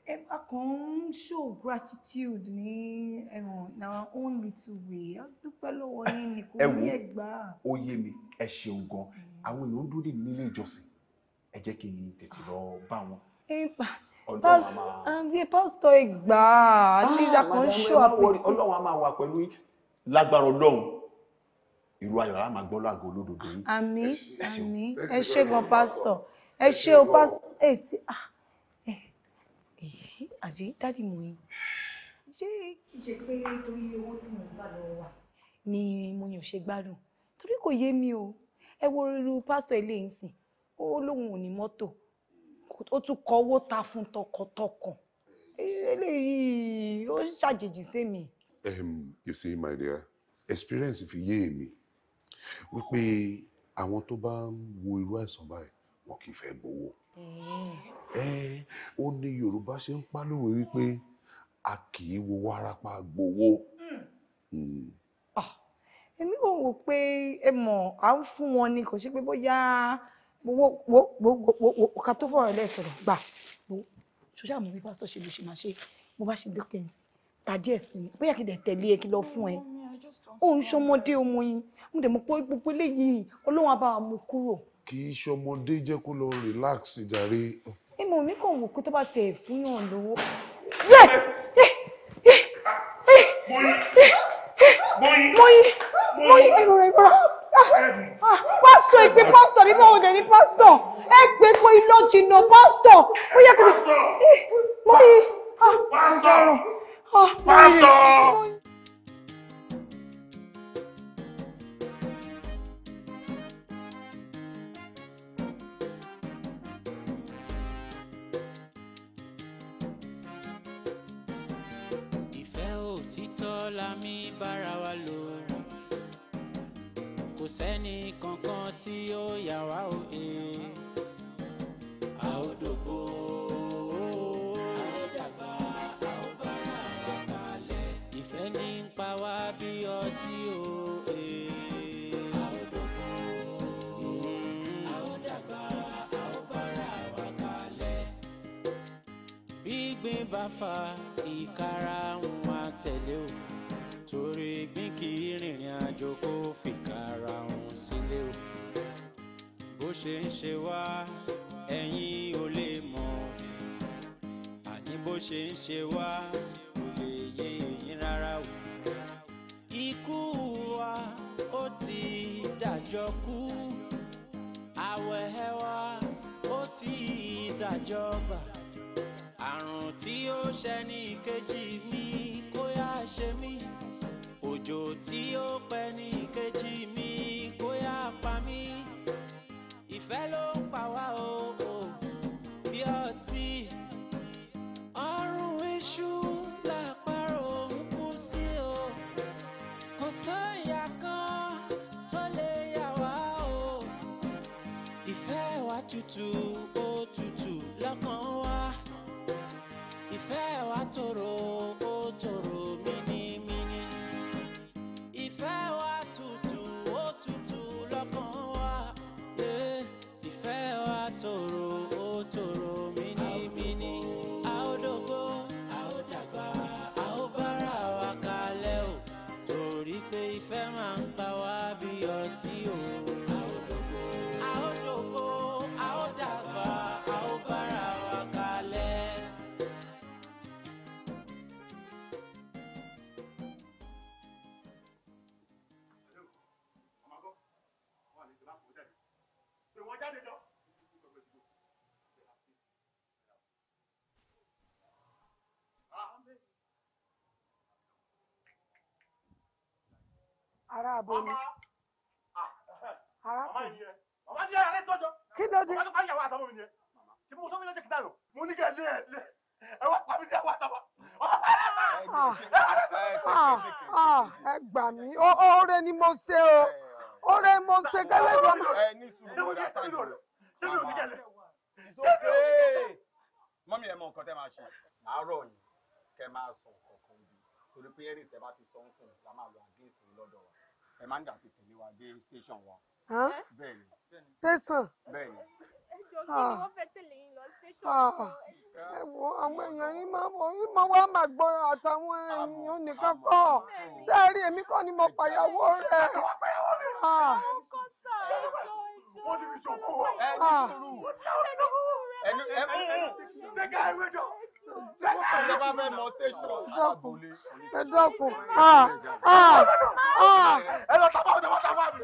ẹ bá kàn ń show gratitude ní ẹ̀wọ̀n na our own little way a dúpẹ́ lọ́wọ́ yín nìkan ní ẹ̀gbá. ẹ wo ó yé mi ẹ ṣeun gan àwọn èèyàn dúró dè nílé ìjọsìn ẹ jẹ́ kí n tètè lọ bá wọn. pásítọ̀ ìgbà lílà kan ṣó àpèsè. ọlọ́run á máa wà pẹ̀lú lágbára ọlọ́run irú ayọ̀ á máa gbọ́ lágọ̀ olódodo yìí. àmín ah, àmín ẹ ṣé gan pásítọ̀ ẹ ṣé o pásítọ̀ ẹ ti ah, àbí dádì mò ń ṣe jẹ́ pé torí owó tí mò ń gbà lọ́wọ́ wa ni mo yàn ṣe gbádùn torí kò yé mi o ẹ wo irú pásítọ̀ ilé yìí sìn ó lóun ò ní mọ́tò ó tún kọ ta fún tọkàntọkàn eléyìí ó ṣàjèjì sí mi. Ehm, you see my dear experience fi yé èmi wípé àwọn tó bá ń wo irú àìsàn báyìí wọn kì í fẹ́ gbowó. ó ní yorùbá ṣe ń pálówó wípé a kì í wo wárápá gbowó. Hmm. Hmm èmi kò wò pé ẹ mọ̀ à ń fún wọn ni kò ṣe pé bóyá gbogbo ká tó fọ̀rọ̀ lẹ́ sọ̀rọ̀ gbà ṣọṣẹ́ àmọ́ bí pásítọ̀ ṣe lè ṣe máa ṣe bó bá ṣe dókẹ́ǹsì tàdí ẹ̀sìn bóyá kí n dẹ̀ tẹ̀lé ẹ kí lọ fún ẹ òun ṣọmọdé ọmọ yín mo dẹ̀ mọ̀ pé gbogbo eléyìí ọlọ́run abá wa mú kúrò. kì í ṣọmọdé jẹ́ kó lọ relax jàre. ìmọ̀ mi kàn wò kó tó bá tiẹ̀ fún yàn lówó. Mọ́yìn. Mọ́yìn mo ní ìrora ìrora pásítọ̀ ìpè pásítọ̀ mi báwo dẹ̀ ní pásítọ̀ ẹ gbé kó iná jìnnà pásítọ̀ ó yẹ kí ni mo ní pásítọ̀ pásítọ̀. òtítọ́ la mi bára wa lò sẹ́ni kankan tí ó yà wá òye. a ó dògbò a wa kalẹ̀. ìfẹ́ ní ń pa wá bí ọtí òye. a ó dògbò wa kalẹ̀. bí gbín bá fa ìkarahun àtẹ̀lé o torí ìgbín kì í rìnrìn àjò kó fìkàrà ọ̀hún sílé o bó ṣe ń ṣe wá ẹ̀yin ò lè mọ̀ àní bó ṣe ń ṣe wá kò lè yé èyí rárá o ikú wa ó ti dàjọ kú àwẹ̀ wa ó ti dàjọ bà àrùn tí ó ṣe ní kejì mi kó yá ṣe mí òjò tí ó pẹ́ ní ìkejì mi kó yá pa mí ìfẹ́ ló ń pa wá o bí ọtí ọrùn iṣu làpárò ń kú sí o kò sóyà kan tó lè yà wá o ìfẹ́ wa tútù ó tútù lọ́kàn wa ìfẹ́ wa tòrò. ara abo ni ah. ara kù kí ló dé. tí mo sọ fún ilé kíkà lọ mo ní kẹ́ lé ẹ lé ẹ wá pàmí sí àwọn àtàwọn ah, ah, ẹ gbà mí oore ni mo ṣe o oore mo ṣe gẹ́lẹ́ bí ọmọ. ẹ ní sùúrù ọ̀dà sáà ní ọ̀rẹ́ ṣé mi ò ní kẹ́lẹ́. mọ́mí ẹ̀ mọ nǹkan tẹ́ máa ṣe àárọ̀ yìí kẹ́ máa sọ nǹkan kan bí torí pé ẹ̀rì tẹ́ bá ti sọ ń sìn la máa lọ àgéǹsì lọ́dọ̀ wa ẹ má ń dà fi tẹ̀lé wa dé station wa. bẹ́ẹ̀ni. tẹsán. bẹ́ẹ̀ni. ẹjọ kí ni wọn fẹ́ tẹ̀lé yín lọ station wa. ẹ wo àwọn èèyàn yín máa wọ yín máa wá máa gbọ́ àtàwọn èèyàn nìkan kọ́ sẹ́ẹ̀rì èmi kọ́ ni mo pàyàwó rẹ̀. wọ́n ti fi ṣòfò wọ. ẹ ní sùúrù. ẹ ní sùúrù. ẹ ní sùúrù. ẹ ní sùúrù ẹ dọ́kun ah, ah, ah. ẹ lọ sábà ọ̀dọ̀ wọn sábà mi.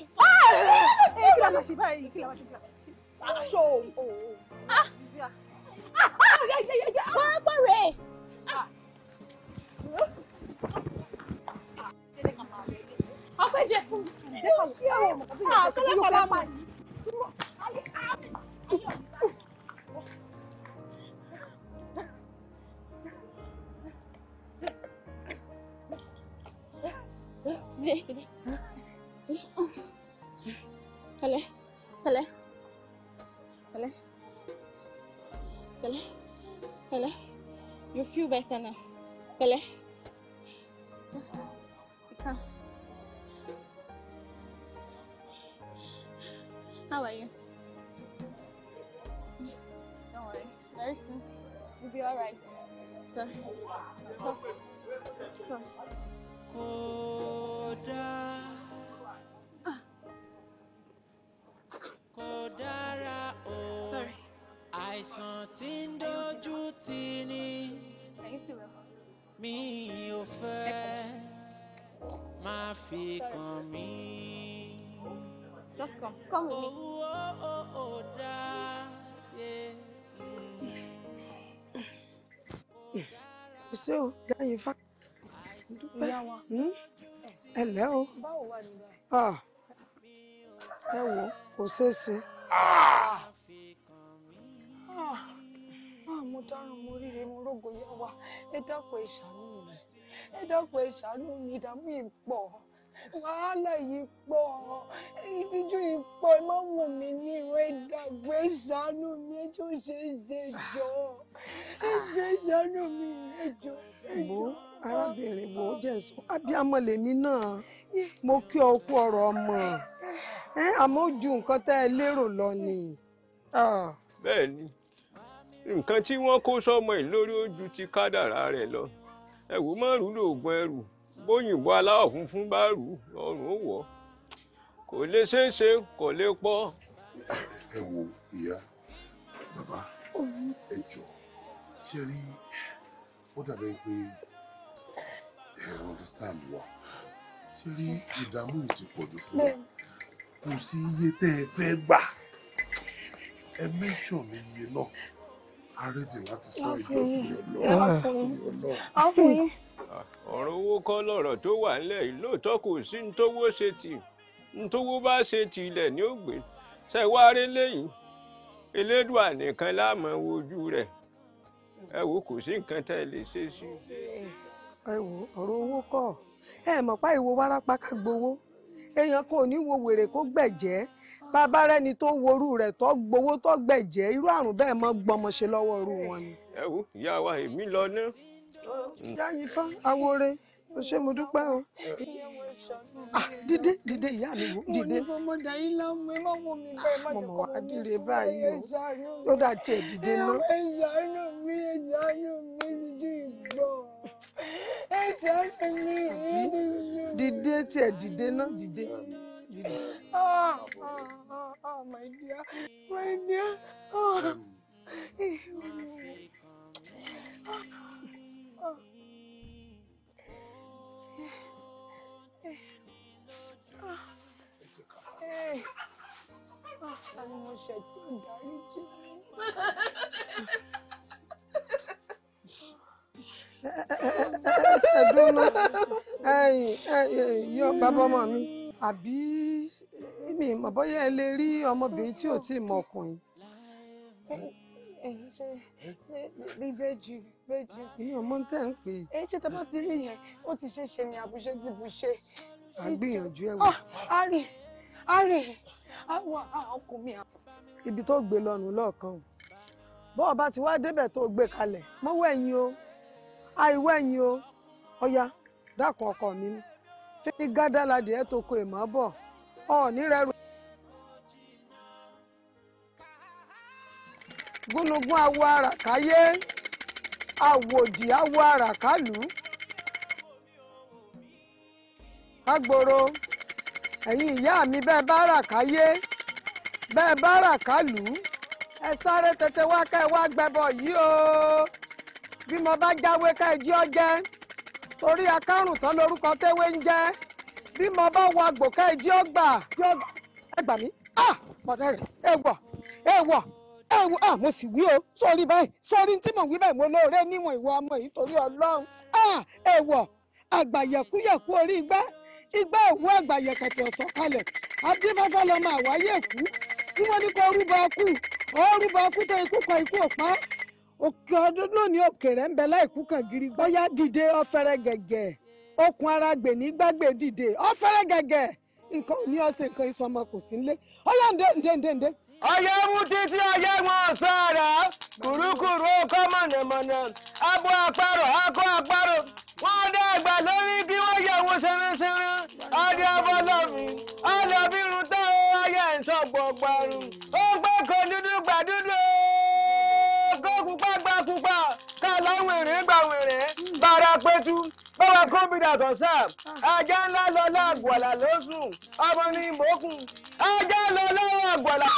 ẹ kí la máa ṣe báyìí kí la máa ṣe kí la máa ṣe aṣọ o. pọ́npọ́n rẹ̀. ọpẹ́ jẹ fún mi. kọ́lá kọ́lá máa yí. Pẹ̀lẹ́, pẹ̀lẹ́, pẹ̀lẹ́, pẹ̀lẹ́, pẹ̀lẹ́. You feel better now. Pẹ̀lẹ́. Yes, Come. How are you? Don't worry. Very soon, you'll be all right. So, so, so. o àìsàn tí ń dojú tì ní mi ò fẹ́ má fi kàn mí. Just come. Come with me. Oh, oh, oh, oh, da, yeah. ṣé o jẹ́yìn fá. ìyá wa hmm? ẹ lẹ́ o. Ah. ẹ wò kò ṣeé ṣe. Ah! Ah, mo dáràn mo ríre mo rógo yá wa ẹ dákun ẹ ṣàánú mi ẹ dákun ẹ ṣàánú mi ìdààmú ìpọ̀ wàhálà yìí pọ̀ ìtìjú ìpọ̀ ẹ má wò mí nírun ìdàgbé ṣàánú mi ẹjọ́ ṣe é ṣe jọ ẹjọ́ ìṣàánú mi ẹjọ́ ẹjọ́. arábìnrin wo jẹ́ sọ abiyamọ lèmi náà mo kí ọ kú ọ̀rọ̀ ọmọ ẹ àmọ́ ju nǹkan tẹ́ ẹ lérò lọ ni. bẹ́ẹ̀ ni nǹkan tí wọ́n kó sọ́mọ ìlórí ojú ti kádàrá rẹ̀ lọ ẹ̀wò márùn-ún lóògùn ẹrù bóyìnbó aláwọ̀ funfun bá rù ọrùn ó wọ̀ kò lè ṣeé ṣe kò lè pọ̀. ẹ wo ìyá bàbá ẹ jọ ṣe rí ó dàbí pé ẹ understand wa ṣe rí ìdààmú ti pọ̀ jù fún wa kò sí iye tẹ́ ẹ fẹ́ gbà ẹ mẹ́sàn mi iye náà a rédè láti sọ ìjọ fún yọ lọ́wọ́ fún yọ ọ̀rọ̀ owó kọ́ lọ̀rọ̀ tó wà ńlẹ̀ yìí lóòótọ́ kò sí ntówó ṣe tì ntówó bá ṣe tì ilẹ̀ ní ògbé ṣe lẹ́yìn elédùà nìkan láàmú ojú rẹ̀ ẹ wo kò sí nǹkan tẹ́ ẹ lè ṣe sí. ọ̀rọ̀ owó kọ́ ẹ mọ̀ pa ìwo wárápá ká gbowó èèyàn kan ò ní wo wèrè kó gbẹ̀jẹ́ bàbá rẹni tó worú rẹ̀ tó gbowó tó gbẹ̀jẹ́ irú àrùn bẹ́ẹ̀ mọ́ gbọmọṣe lọ́wọ́ irú wọn ni. ẹ wo ìyá wa èmi lọ náà yáyí fá awore o ṣé mo dúpẹ́ o. Ah, dìde dìde ìyá mi wò dìde. mo ní mo dà yín lámú ẹ má wọ mi bẹ́ẹ̀ má dùkọ́ mi. àdìrẹ báyìí o ó dà tiẹ̀ dìde ná. ẹ ṣàánú mi ẹ ṣàánú mi sì ju ìgbọ́ ẹ ṣàánú mi ẹ ti sùn. dìde tiẹ̀ dìde ná dìde. Ah, ah ah ah my dear my dear. Ah. ta ni mo ṣe tí ò dárí jì mí. ẹdùn náà yọ bàbá ọmọ mi àbí mi mọ̀ bóyá ẹ lè rí ọmọbìnrin tí ò tí ì mọ ọkùnrin. ẹyin ṣe bí bẹ́ẹ̀jì bẹ́ẹ̀jì. èyí ò mọ ń tẹ̀ ń pè. èyí ṣe tẹ́ bá ti rí yẹn ó ti ṣe é ṣe ni àbúṣe ti bù ṣe. àgbìyànjú ẹ̀ wò. Ah, a rí i. àárẹ̀ àwọn ọkùnrin mi. ibi tó gbé lọ́nu lọ́ọ̀kan bọ́ọ̀ ọba ti wá débẹ̀ tó gbé kalẹ̀ mọ́wọ́ ẹ̀yìn o àìwọ́ ẹ̀yìn o ọya dákun ọkọ mi ní gádàládìí ẹ̀ tó kọ èèmọ́ e bọ̀ ọ̀ nírẹ̀rù. gúnugún awo ẹ̀yin ìyá mi bẹ́ẹ̀ bá rà ká yé bẹ́ẹ̀ bá rà ká lù ú ẹ sáré tètè wá ká ẹ wá gbẹbọ yìí o bí mo bá jáwé ká ẹ jí ọ jẹ torí akárùn tán lórúkọ téwé ń jẹ bí mo bá wọ àgbò ká ẹ jí ọ gbà ẹ gbà mí ah ọ̀rẹ́ rẹ̀ ẹ wọ̀ ẹ wọ̀ ẹ wọ̀ ah mo sì wí o sórí báyìí sórí tí mo wí báyìí mo lóore níwọ̀n ìwọ ọmọ yìí torí ọlọ́run ah ẹ wọ̀ àgbàyẹ̀kúyẹ̀kú orí gbẹ́ igbá òwú àgbà yẹ̀kẹ̀tẹ̀ ọ̀sán kalẹ̀ adébáfá lọ́mọ àwáyé èkú tí wọ́n ní kó rúbọ akú ó akú tó ikú kan ikú òpá òkè ọdún lónìí òkèrè ń bẹ láìkú kan gírí ara gbè ní gbàgbé dìde nǹkan ò ní ọ̀sẹ̀ nǹkan iṣan ọmọ kò sí nílé ọyá ǹdẹ ǹdẹ ǹdẹ ǹdẹ. ọyẹ mú títí ọyẹ mọ sára kùrúkùrú ọkọ mọ̀nàmọ̀nà abo àparò akọ àparò wọn lórí kí wọn yẹ wọn adé báwa kọ́mpútà tó sáà ajá ńlá lọ́lá àgbàlá ló ọmọ ní ìmọ̀ọ́kùn ajá lọ́lá àgbàlá.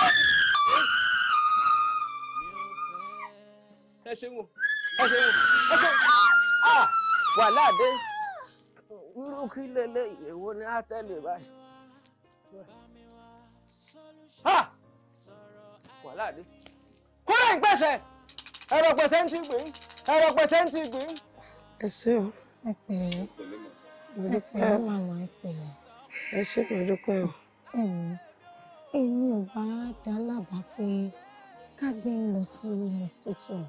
ẹ ṣe wò ẹ ṣe wò ah, wà láàdé irú kí lélẹ̀ ìyẹ̀wò ni á tẹ̀lé báyìí. wà láàdé kúrò ń ẹ̀rọ pèsè ń ti gbìn ẹ̀rọ pèsè ń ti gbìn. ẹ ṣeun ẹ pẹ̀lẹ́ ìdúpẹ́ màmá ẹ pẹ̀lẹ́. ẹ ṣe kò dúpẹ́ o. èmi ò bá dá lábàá pé ká gbé ń lọ sí hospital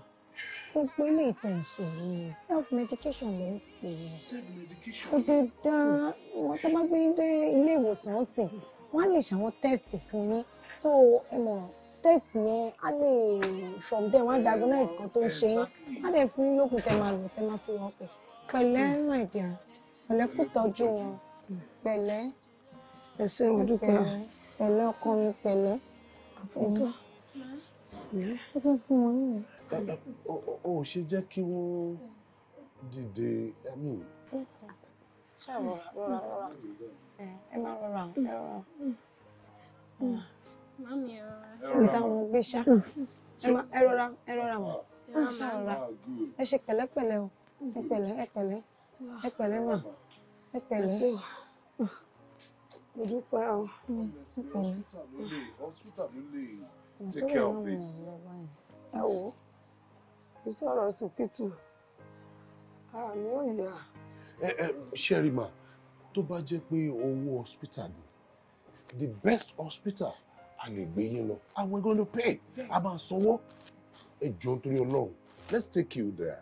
gbogbo ilé ìtàn ìṣe self medication ló ń pè é ó dé dá wọn tó bá gbé dé ilé ìwòsàn ọ̀sìn wọn á lè ṣàwọn test fún yín so ẹ mọ̀ test yẹn á lè from there wọn á diagnose kan tó ń ṣe yín á lè fún yín lókun tẹ máa lò tẹ máa fi wọn pè é pẹ̀lẹ́ mm. my dear pẹ̀lẹ́ kú tọ́jú wọn pẹ̀lẹ́ ẹ ṣé mo dúpẹ́ pẹ̀lẹ́ ọkọ mi pẹ̀lẹ́ àfẹ́tọ́ ó fẹ́ fún wọn nìyẹn. o ò ṣe jẹ́ kí wọ́n dìde ẹ̀mí. ṣáà rọra rọra ẹ má rọra mm. rọra. Mami ẹ rọra. Ìta wọn gbé ṣá. Mm. Ẹ rọra ẹ rọra mọ̀. Ẹ ṣá ah, Ẹ ṣe pẹ̀lẹ́pẹ̀lẹ́ o ẹ pẹ̀lẹ́ ẹ pẹ̀lẹ́ ẹ pẹ̀lẹ́ mà ẹ pẹ̀lẹ́ mo dúpẹ́ o ẹ pẹ̀lẹ́. hospital ló lè take care of this. ẹ wo ìsọ̀rọ̀ ṣùpìtù ara mi ò yá. ẹ ẹ ṣẹ́rí mà tó bá jẹ́ pé owó hospital ni the best hospital a lè gbé yín lọ and we gonna pay a máa sanwó ẹ jọ̀ọ́ nítorí Ọlọ́run let's take you there.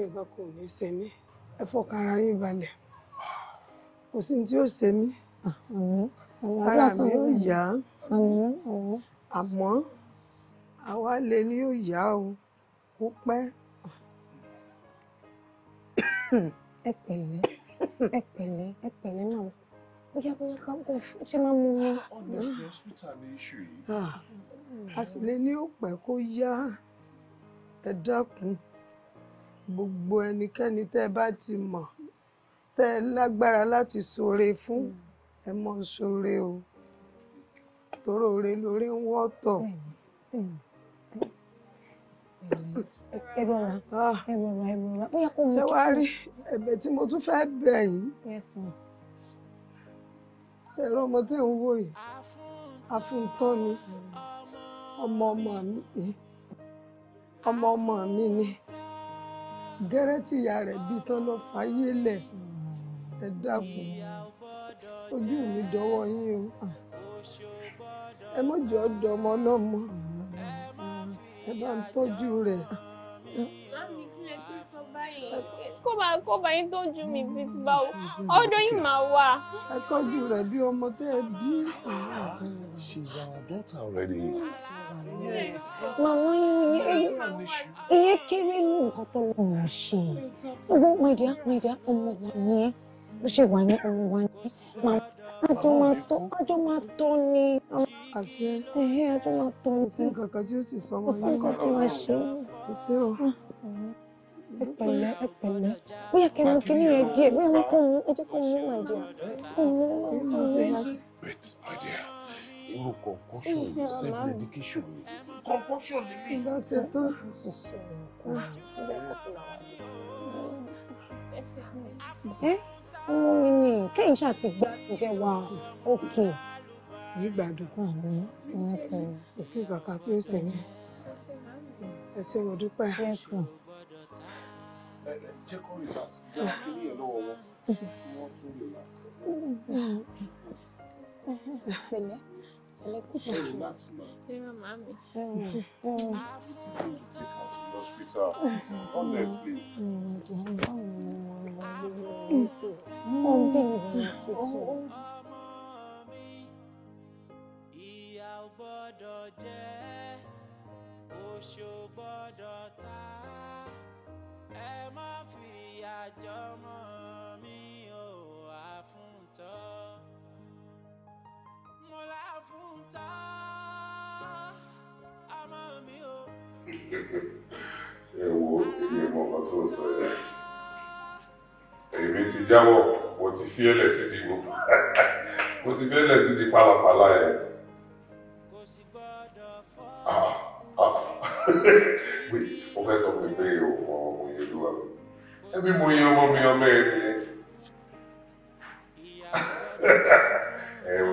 nǹkan kò ní ṣe mí ẹ fọkàrà yín balẹ̀ kò sí tí ó ṣe mí ara mi ò yá àmọ́ àwa lè ní ò yá o kó pẹ́. ẹ pẹ̀lẹ́ ẹ pẹ̀lẹ́ ẹ pẹ̀lẹ́ màmá bóyá bóyá ká kó ṣe máa mú mi. honestly hospital ni issue yìí. Ah, a sì lè ní ó pẹ́ kó yá ẹ dákun gbogbo ẹnikẹ́ni tẹ́ ẹ bá ti mọ̀ tẹ́ ẹ lágbára láti ṣoore fún hmm. ẹ mọ̀ ṣoore o tóró oore lórí ń wọ́tọ̀. Ah. ẹ rọra ẹ rọra ẹ rọra bóyá kò mú kí. ṣé wàá rí ẹ̀bẹ̀ tí mo tún fẹ́ bẹ̀ yín. ṣe ọmọ tẹ́ ń wò yìí afúntọ́ ni ọmọ ọmọ mi ni gẹ́rẹ́ tí ìyá rẹ̀ bí tán ló fàyè lẹ̀ ẹ dákun ojú mi dọwọ́ yín o ẹ mọ̀jọ́ dọmọ náà mọ́ ẹ bá ń tọ́jú rẹ̀ kó bá kó bá yín tọ́jú mi bí ti bá wò ọ̀dọ̀ yín máa wà. ẹ tọ́jú rẹ̀ bí ọmọ tẹ́ ẹ bí. she is our daughter already. màmá ìyẹn kéré ní nǹkan tó lọ mọ̀ ṣe gbogbo mẹ̀díà mẹ̀díà ọmọ wa ni ṣe wà ní ọmọ wa ni màmá àjọ máa tọ́ àjọ máa tọ́ ni. àṣẹ ẹ̀hẹ́ àjọ máa tọ́ ni. kò sí nǹkan kan tí ó sì sọ ọmọ yìí. kò sí nǹkan tó máa ṣe. kò sí o. Ah ẹ pẹ̀lẹ́ ẹ pẹ̀lẹ́ ó yẹ kẹ́ mú kí ni yẹn díẹ̀ bóyá wọn kò mú ẹ jẹ́ kó mú my dear kó mú my dear. wait my dear irú concoction yìí self medication ni concoction ni mí. ìgbà ṣe tán. ẹ ọmọ mi ni kẹ́hìn ṣáà ti gbá ìgbẹ́ wa òkè. gbígbàdùn kan kò sí ìkàkà tí ó ṣe ẹ ṣe wọ́n dúpẹ́ jẹ́ kó relax kí ni ẹ̀ lọ́wọ́ wọn wọ́n tún relax. pẹ̀lẹ́ pẹ̀lẹ́ kó pẹ̀lẹ́. relax na. ẹ̀rọ màmí. this is going to take her to the hospital honestly. wọ́n mi ìyá ò gbọ́dọ̀ jẹ́ oṣó gbọ́dọ̀ ta ẹ má fìyà jọmọ mi ò àfúntọ́ mo láfúntọ́ ọmọ mi ò. ẹ wo èmi mọ ọkọ tó ń sọ yẹn èmi ti jáwọ́ mo ti fi ẹlẹ sí di gbogbo mo ti fi ẹlẹ sí di pálapàla yẹn. Ah, ah. wait ó fẹ́ sọ fún mi pé òun mọ òun yẹn ló wà mí ẹbí mo yan ọmọ mi ọmọ hmm,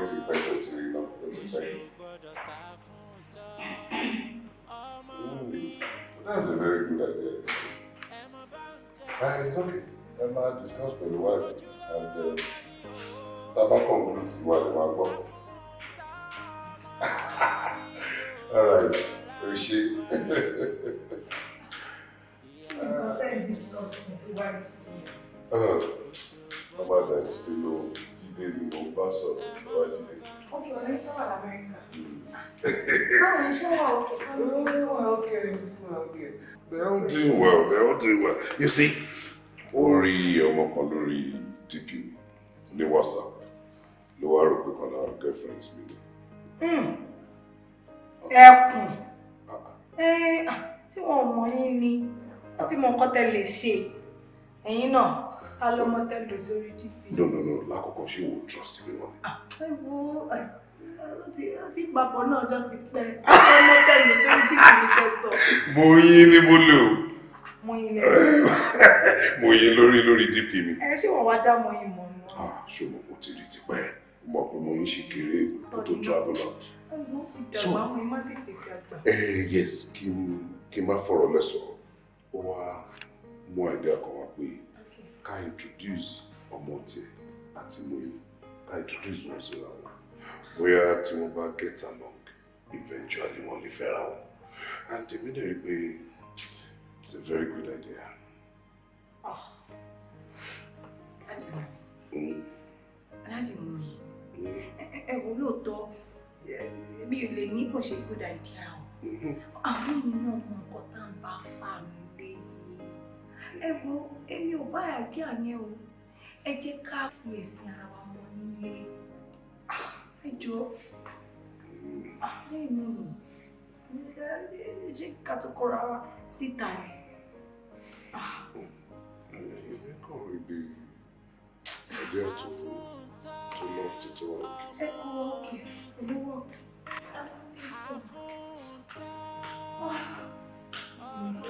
That's a very good idea. Uh, it's okay. Ẹ máa discuss pẹ̀lú wa and bàbá kan kò ní sí wa lè máa gbọ́. All right, Appreciate. ṣe. ọmọ àgbà jíde ló jíde ni mo bá sọ̀rọ̀ lọ́wọ́ jíde. ókè ọ̀rẹ́ tó wà lamẹ́ríkà. báwo iṣẹ́ wà òkè kan. wà òkè wà òkè. they all doing well they all doing well you see ó rí ọmọ kan lórí dígì ní whatsapp ló wá rò pé kan lára girlfriend mi ni. ẹkùn ṣé wọn ò mọ yín ni ah. tí mo kọ́ tẹ́ ẹ̀yin náà ta ló mọ tẹ́lẹ̀ sórí dp. no no no lákọ̀ọ́kọ́ ṣé wò ó trust mi wọn. Ah, ẹ wo ti papọ̀ náà ọjọ́ ti pẹ́ ẹ mọ tẹ́lẹ̀ sórí dp mi fẹ́ sọ. mo yín ni mo lò. mo yín lẹ́yìn. mo yín lórí lórí dp mi. ẹ ṣé wọn wá dá mo yín mọ náà. ah ṣùgbọ́n mo ti rí tipẹ́ mo mo ń ṣe kéré kó tó travel out. ọmọ ti dàgbà mo má tètè dàgbà. ẹ eh, yes kí n má fọ̀rọ̀ lẹ́sọ̀ọ́ ó wá mú ẹ̀dá ọkàn wa pé ká introduce ọmọ tiẹ̀ àti Mọ́yì ká introduce wọn síra wọn bóyá tí wọ́n bá get along eventually wọ́n lè fẹ́ra wọn and èmi dẹ̀ rí pé it's a very good idea. Oh. Láti mú yìí, ẹ wò lóòótọ́, èmi ò lè ní kò ṣe good idea o. Mm-hmm. Àwọn ènìyàn ọmọ nǹkan tá à ń bá fà mí ẹ wo èmi ò bá àgé àyẹn o ẹ jẹ́ ká fi ẹ̀sìn ara wa mọ nílé ẹ jọ lẹ́yìn mú mi ẹ jẹ́ ká tó kọ́ra wa síta ni. èmi kàn rí bí ẹ̀jẹ̀ tó fún tó lọ́ọ̀fù ti tó ọ̀kẹ́. ẹ kọ́ ọ̀kẹ́ pẹ̀lú ọ̀kẹ́. Oh.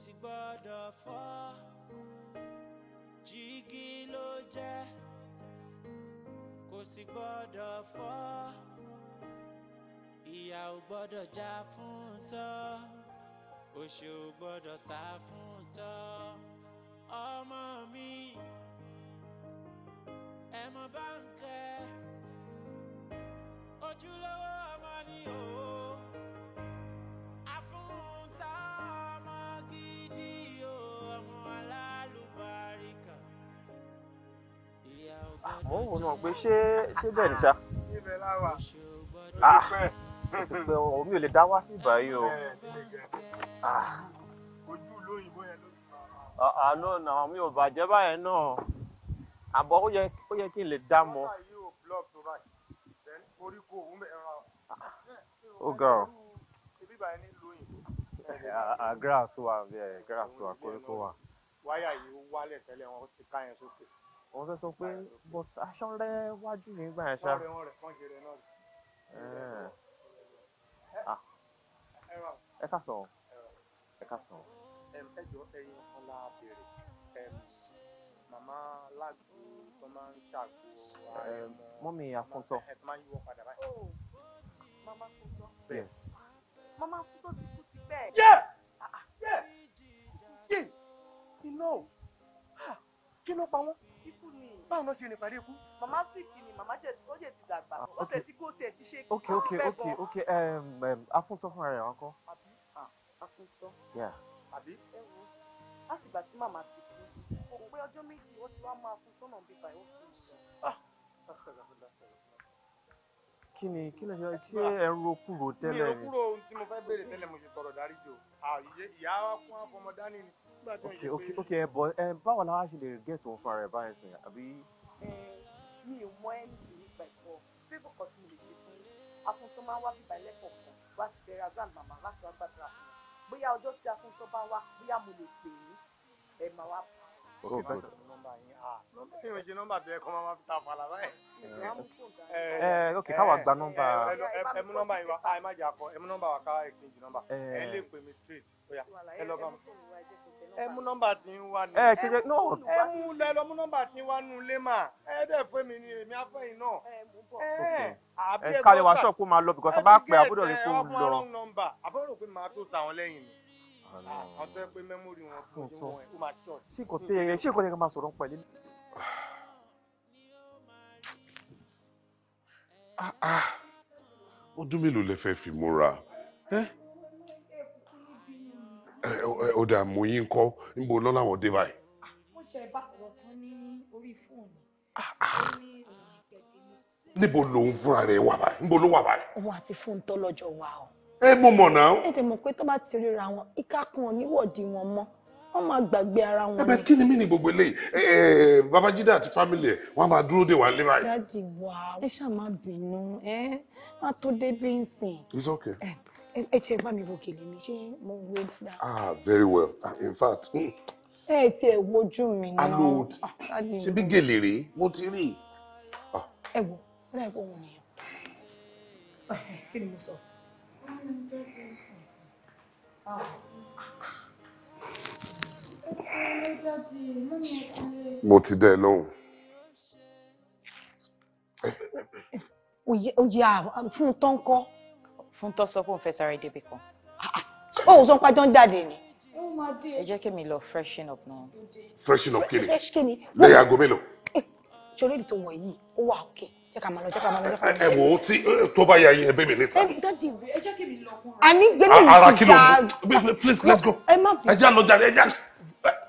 sì gbọ́dọ̀ fọ́ jígí ló jẹ́ kò sì gbọ́dọ̀ fọ́ ìyà ò gbọ́dọ̀ já fún tọ́ òṣè ò gbọ́dọ̀ ta fún tọ́ ọmọ mi ẹ mọ báńkẹ́ ojúlówó. mo ń wònú pé ṣé ṣé bẹ́ẹ̀ ni ṣá. ibẹ̀ láwà ló ah, ti pẹ́. ó ti pẹ́ o mi ò lè dá wá sí ìbáyìí o. Ah. ojú lóyìnbó yẹn ló ti bá wa. àná mi ò bàjẹ́ báyẹn náà àbọ̀ ó yẹ kí n lè dá mọ̀. ó ga ọ. Eh, ah, grass wà grass wà koríko wà. wáyà yìí ó wálẹ̀ tẹ́lẹ̀ wọn ti ká yẹn sókè wọ́n fẹ́ sọ pé but aṣọ́rẹ́ wájú nígbà yẹn ṣá. ẹ ká sọ ẹ ká sọ. pa wọ́n ikú ni. báwo ló ṣe rìn parí ikú. màmá sì kì ni màmá jẹ ó jẹ ti dàgbà ah, ó tẹ ti kó tiẹ ti ṣe. ok ok ok ok um, um, afúntọ́ fúnra rẹ̀ wọn kọ́. àbí ah, afúntọ́. àbí ẹ wo láti ìgbà tí màmá ti kú òun pé ọjọ́ méjì ó ti wá máa fún sọ́nà bíbá ẹ̀ ó ti ń kí ni kí lè ṣe ṣé ah. ẹ mi ò ohun tí mo fẹ́ béèrè tẹ́lẹ̀ mo ṣe tọrọ dáríjì o ìyá wa fún ọmọ dání ni nígbà ok ok ẹ bọ ẹ báwo la wá ṣe lè gẹ̀ẹ́sì wọn fara ẹ báyìí sìn àbí. mi ò mọ ẹni tí mi gbà ìfọ fífọ kan tí mo lè ṣe fún afun tó máa ń wá bíbá ẹlẹ́kọ̀ọ́ kan wá sí bẹ̀rẹ̀ azán màmá láti wá gbàdúrà fún bóyá ọjọ́ tí afun bá wá bóyá mo lè pè é ẹ̀ máa wá bá ok good. ẹ ok káwa gba nọ́mbà. Eh, eh, eh, ẹ mú nọ́mbà yín wá ah, ẹ má jà kọ ẹ mú nọ́mbà wá ká exchange nọ́mbà ẹ lè pè mí straight bóyá ẹ lọ bá mi. ẹ mú nọ́mbà tí ń wá nù. ẹ ti ṣe no. ẹ mú lọ ẹ lọ mú nọ́mbà tí ń wá nù lé ẹ dẹ̀ fún mi ni èmi á fẹ́ yín náà. ẹ ẹ kálẹ̀ wá ṣọ́ọ̀pù máa lọ bìkọ́sì bá pẹ́ àbúrò rẹ̀ fún lọ. àbúrò pé màá tó Ah, kan ah, ah. ọdún mélòó lẹ fẹ́ fi múra ọ̀dà mòyín kọ́ níbo lọ́la wọn dé báyìí. níbo lòun fúnra rẹ̀ wà báyìí níbo ló wà báyìí. òun àti fóònù tó lọ́jọ́ wa o ẹ mo mọ̀ náà. ẹ dẹ̀ mọ̀ pé tó bá ti ríra wọn ìka kan níwọ̀dì wọn mọ́ wọ́n máa gbàgbé ara wọn. ẹbẹ kí ni mí ni gbogbo eléyìí ẹ babájídé àti fámìlì ẹ wọn máa dúró dè wá lé báyìí. dáàdì wà ẹ ṣáà má bínú ẹ má tó débi ń it's okay. ẹ jẹ́ bá mi wo gèlè mi ṣé mo wé dáadáa. ah very well ah, in fact. Hmm. ẹ ti ẹ wojú mi náà. alo ah, ṣe bí gèlè rèé mo ti rí i. Ah. ẹ wo ó dà bí òun nìyẹn kí ni mo sọ mo ti dẹ́ lóhùn. òye fún tó ń kọ́. fún tó sọ pé òun fẹ́ sáré débi kan. ó ah, ah, sọ oh, pé àjọ ń jáde ni. ẹ jẹ́ kí mi lọ freshen up náà. freshen up kí ni lẹ́yìn aago mélòó. Eh, ṣòro èdè tó wọ̀ yìí ó wà òkè. Okay jẹ́ ká máa lọ jẹ́ ká máa lọ jẹ́ ká máa lọ. ẹ wo tí tó bá yà yín ẹ bẹ mi níta. ẹ dọ́dì ẹ jẹ́ kí mi lọ kúrò. àní gbélé yìí ti da ara kí ló please let's go. ẹ má bọ̀ ẹ já lọ jáde ẹ já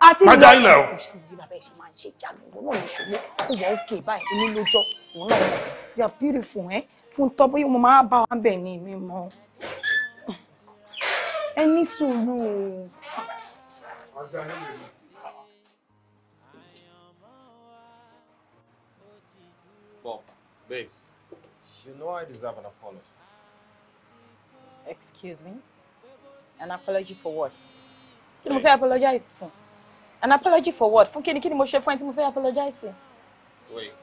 àti ìlú ọjà ìlà o. bí bàbá ẹ ṣe máa ń ṣe ìjà lọ́wọ́ náà ní ṣòwò ó wà òkè báyìí èmi lójọ́ òun náà wọ̀ you are beautiful ẹ eh? fún tọ́ bóyá mo máa bá wa bẹ̀ ni mi mọ́ ẹ ní sùúrù. ọjà ìlú Babes, you know I deserve an apology. Excuse me? An apology for what? Kí ni mo apologize fún? An apology for what? Fún kíni kíni mo ṣe fún apologize? Wait.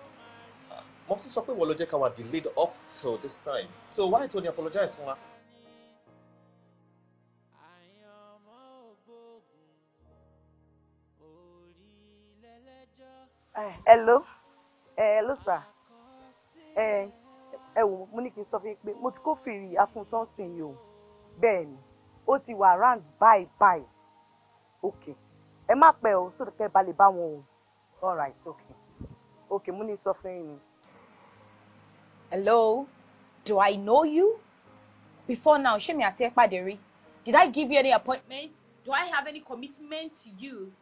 Most of sọ pé wọ́n ló delayed up till this time. So why don't you apologize fún ah. Hello. Eh, hello, sir ẹ wò mo ní kí n sọ fún yín pé mo ti kó fìrí afúnsánsìn yìí o bẹ́ẹ̀ ni ó ti wà round báyìí báyìí ok ẹ má pẹ́ o sódò kẹ́ ẹ bá lè bá wọn o all right ok ok mo ní sọ fún yín ni. hello do i know you before now ṣé mi àti ẹ pàdé rí did i give you any appointment do i have any commitment to you.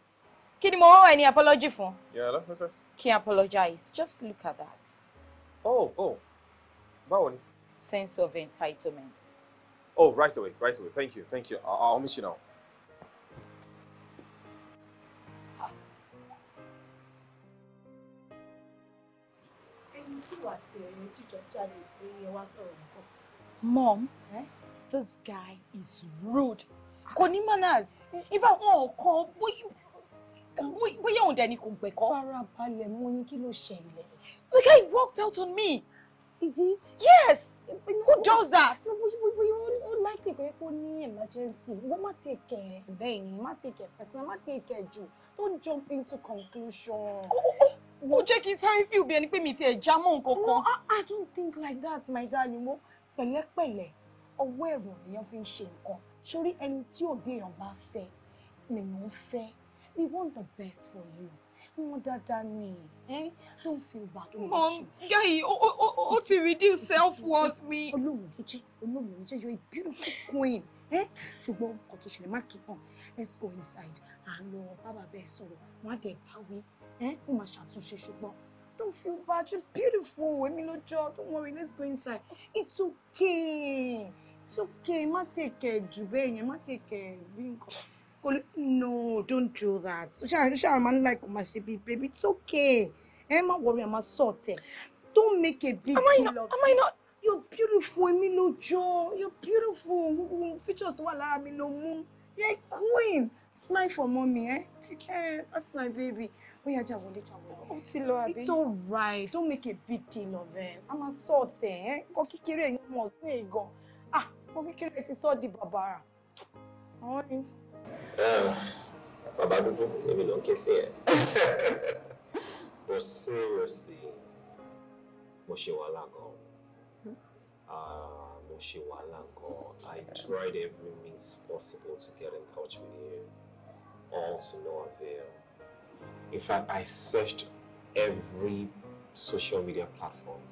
kí ni mo wọ́n wọ ẹni apology fún. yàrá mrs. kí n apologize just look at that oh oh báwo ni. sense of entitlement. oh right away right away thank you thank you i'll, I'll miss you now. mom eh? this guy is rude kò ní manners eh? in fact wọn ò kọ bóyá òun dẹ̀ ni kò gbẹ̀kọ́. farabalẹ̀ mo ní kí ló ṣẹlẹ̀. The guy walked out on me. He did? Yes! Who does that? We all likely pé kó ní emergency. Mama take care bẹ́ẹ̀ Mama take care person, má take care jù. Don't jump into conclusion. Ó jẹ́ kí sáré feel bí ẹni pé mi ti ẹ̀ já mọ́ nǹkan I, don't think like that, my darling. Mo pẹ̀lẹ́pẹ̀lẹ́ Aware of the young thing ṣe nǹkan. Sórí Any tí be èèyàn bad fẹ́, lèèyàn ń fẹ́. We want the best for you. Mo dáadáa ni. Eh? Don't feel bad. Mom, oh, oh, ti reduce self-worth mi. Olóòmù no, jẹ́, olóòmù no, jẹ́, you're a beautiful queen. eh? ọkọ̀ tó ṣẹlẹ̀ má Let's go inside. Àlọ́ bàbá bẹ́ẹ̀ sọ̀rọ̀, wọ́n á dẹ̀ báwí. Eh? Ó máa ṣàtúnṣe ṣùgbọ́n. Don't feel bad, you're beautiful. Èmi ló jọ, don't worry, let's go inside. It's okay. It's okay, má tẹ̀kẹ̀ jù bẹ́ẹ̀ yẹn, má tẹ̀kẹ̀ bí no don't do that ṣáà shall, ń like kò máa ṣe bíi baby it's okay ẹ má worry ẹ má sort it. don't make a big deal of it you're beautiful èmi ló jọ you're beautiful features to wà lára mi ló mú you're a queen smile for mommy eh Okay, that's my baby ó yà já wọlé já wọlé ó ti it's alright don't make a big deal of it a máa sort ẹ ẹ eh? nǹkan kékeré yẹn mọ̀ go. i gan ah nǹkan kékeré ti sọ di bàbàrà bàbá dúdú níbi ló ń ké sí but seriously mo ṣe wàhálà gan ah, mo ṣe wàhálà I tried every means possible to get in touch with you all to no avail in fact I searched every social media platform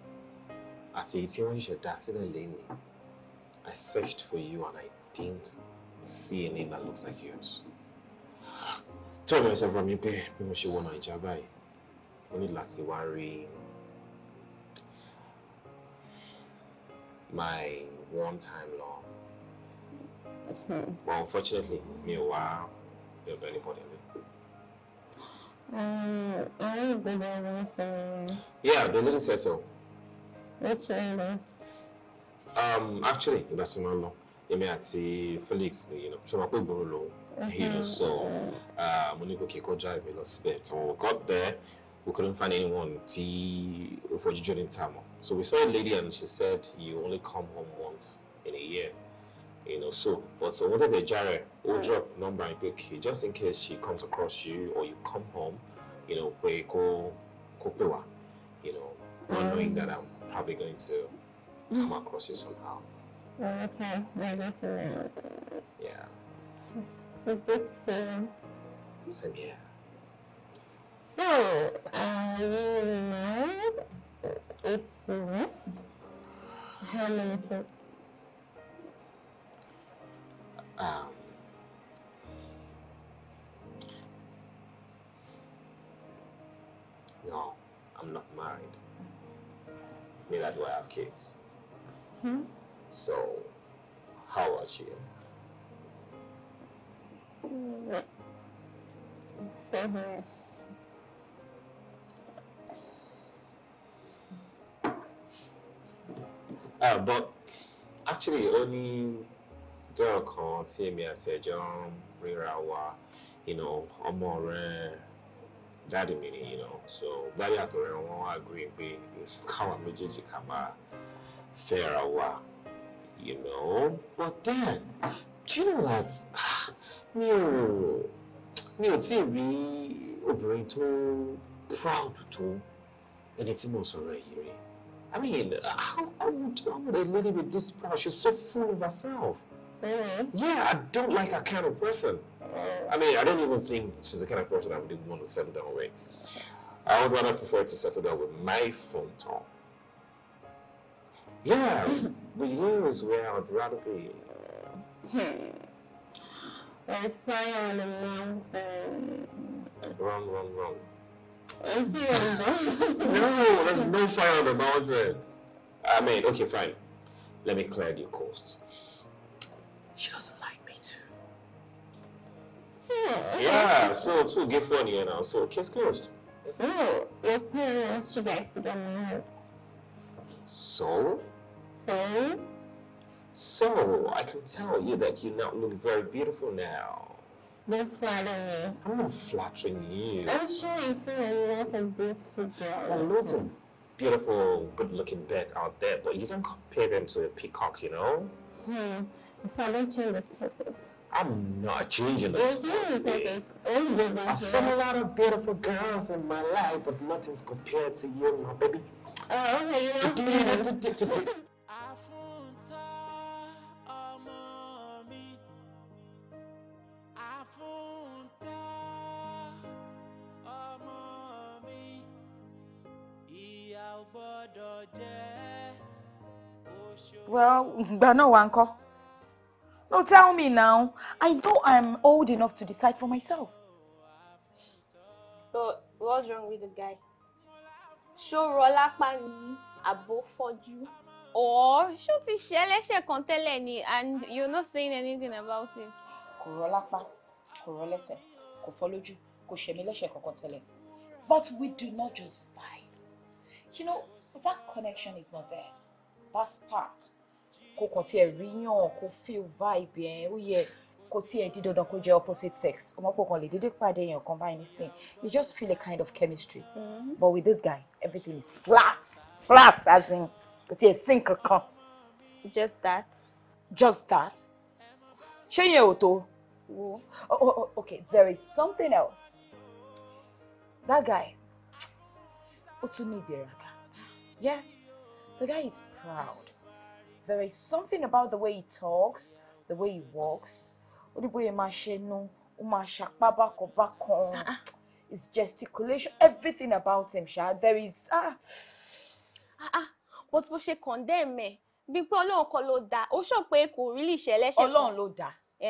I searched for you and I didn't see a name that looks like yours. Tell myself from you pé bí mo ṣe wọ Naija báyìí, mo ní láti wá rí my one time love. Hmm. But unfortunately, mi ò wá mi ò bẹ anybody mi. Um, I ain't been there Yeah, the lady settle. so. Which area? Um, actually, ìgbà tí mo lọ èmi àti Felix ni you know ṣe máa pé gbòòrò lòun you mm-hmm. so ah, mo ní kò kí kó drive lọ síbẹ̀ so we got we couldn't find anyone tí ó fojú jọ ní tàmọ̀ so we saw a lady and she said you only come home once in a year you know so but so wanted a jare ó mm. drop number and pe okay just in case she comes across you or you come home you know pé kó kó pè wá you know not knowing mm. that I'm probably going to mm. come across you somehow. Oh, okay. Right, that's around. Yeah. It's, it's good to yeah. Same here. So, are you married? If yes, how many kids? Um, no, I'm not married. Neither do I have kids. Hmm? So, how about you? Mm. Same here. Uh, but actually, only girl called tí èmi àti ẹ̀jọ́ ń ríra wa you know, ọmọ rẹ̀ dáàdì mi you know, so dáàdì àtọ̀rẹ́ wọn agree come káwa méjèèjì ká máa fẹ́ra wa you know. But then, do you know that mi ò mi ò tíì rí obìnrin proud tó ẹni tí mo sọ̀rọ̀ yìí I mean, how, how, would, how would a lady with this proud? She's so full of herself. Mm-hmm. Yeah, I don't like that kind of person. Uh, I mean, I don't even think she's the kind of person I would want to settle down with. I would rather prefer to settle down with my phone talk. Yeah. The year is where I'd rather be. Hmm. Let's fly on a mountain. Wrong, wrong, wrong. It's no, there's no fire on the mountain. I mean, okay, fine. Let me clear the coast. She doesn't like me too. Hmm. Yeah, so two gift one here now, so case closed. Oh, your parents, you guys to get married. So? anything. So, I can tell you that you now look very beautiful now. Don't flatter me. I'm not flattering you. I'm sure you see a lot of beautiful girls. A lot of beautiful, good-looking birds out there, but you can compare them to a peacock, you know? Hmm. If I don't change the topic. I'm not changing the topic. I've seen a lot of beautiful girls in my life, but nothing's compared to you, my baby. Oh, okay, you know. well ìgbà náà wà ń no tell me now i know i'm old enough to decide for myself. so what's wrong with the guy? ṣó rọlápá ní àbò fọ́jú or ṣó ti ṣe ẹlẹ́ṣẹ̀ kan tẹ́lẹ̀ ni and you're not saying anything about it. kò rọlápá kò rọlẹ́sẹ̀ kò fọ́ lójú kò ṣẹ̀mí lẹ́ṣẹ̀ kankan tẹ́lẹ̀ but we do not just vibe you know that connection is not there that spark kò kàn tiẹ̀ rí yàn kò feel vibe yẹn ó yẹ kò tiẹ̀ di dandan kó jẹ́ opposite sex ọmọpọ̀ kan lè dédé pàdé èèyàn combine báyìí nísìn you just feel a kind of chemistry mm -hmm. but with this guy everything is flat flat as in kò tiẹ̀ sink kankan. just that. just that. ṣé yẹn ò tó. wo oh, oh, oh, okay there is something else that guy ó tún ní ìbẹ̀rẹ̀ àká. Yeah, the guy is proud. There is something about the way he talks, the way he walks. Odiboye máa ṣe nu, ó máa ṣapá His ah, ah. gesticulation, everything about him, ṣá. There is ah. Ah ah, but bó ṣe condemn me? bí pé Ọlọ́run kan ló dá, ó sọ pé kò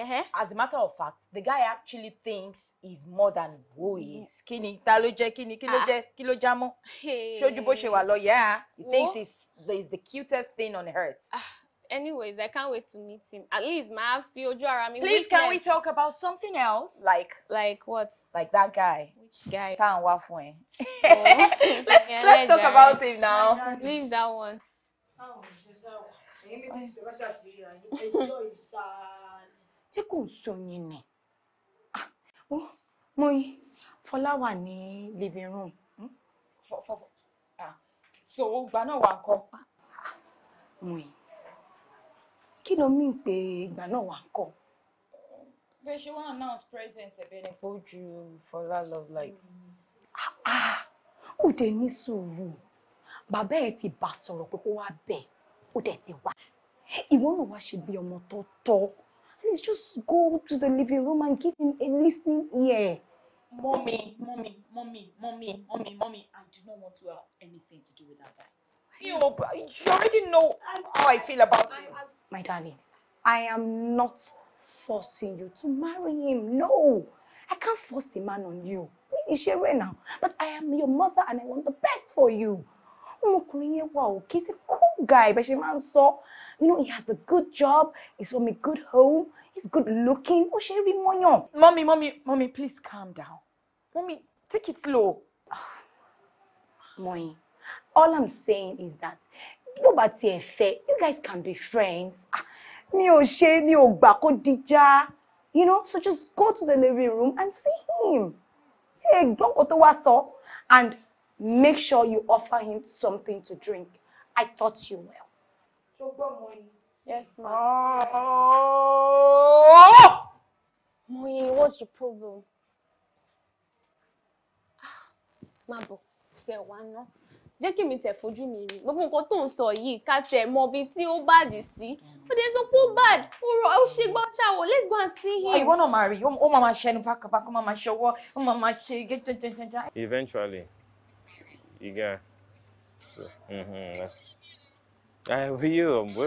Uh-huh. As a matter of fact, the guy actually thinks he's more than who mm-hmm. he is. Kíni taloje ló jẹ́ kíni kí ló ah. jẹ́ kí ló já yeah. He thinks he's, he's the cutest thing on earth. Ah, anyways, I can't wait to meet him. At least máa feel ojú ara mi. Please, can we talk about something else? Like, like what? Like that guy. Which guy? Tan wa ẹ. Oh. Let's yeah, let's talk about him now. Leave that one. Oh, Amy thinks ṣé kò ń sọyìn ni ó ah, oh, mọyì fọlá wà ní living room. Hmm? Ah, so ìgbà náà wà ńkọ́. mọyì kí ló mí pé ìgbà náà wà ńkọ́. bí ṣe wọn announce presence ẹbẹ ni kó ju fọlá love life. Ah, ó dé ní sùúrù bàbá ẹ ti bá sọ̀rọ̀ pé kó wá bẹ̀ ó dẹ̀ ti wá ìwọ náà wá ṣe bí ọmọ tó tọ́. Please just go to the living room and give him a listening ear. Mommy, mommy, mommy, mommy, mommy, mommy, I do not want to have anything to do with that guy. You, already know how I feel about him. My darling, I am not forcing you to marry him. No, I can't force a man on you. We share right now. But I am your mother and I want the best for you. Ọmọkùnrin yẹn wà ó kì guy, but she man ń You know, he has a good job, he's from a good home, he's good looking, Oh, ṣe é rí Mommy, Mọ́mí, mọ́mí, please calm down. Mommy, take it slow. Moi, all I'm saying is that bó bá tiẹ̀ fẹ́, you guys can be friends. Ah, mi ò ṣe, mi ò gbà kó You know, so just go to the living room and see him. Tí ẹ gbọ́ kó and make sure you offer him something to drink. I taught you well. yes ma. Oh, ah! Moi, what's the problem? Ah, má bọ̀ say one. ná jẹ́ kí mi tẹ̀ fojú mi rí gbogbo nǹkan tó ń sọ yìí ká tẹ̀ mọ ibi tí bad sí ó dé sọ pé bad ó rọ ó ṣe gbọ́ ṣàwọ̀ let's go and see him. ìwọ náà máa rí ó máa máa ṣẹnu bákàbákà ó máa máa ṣọwọ́ ó máa máa ṣe gẹ́gẹ́gẹ́gẹ́. eventually you get. Hiyo mm-hmm,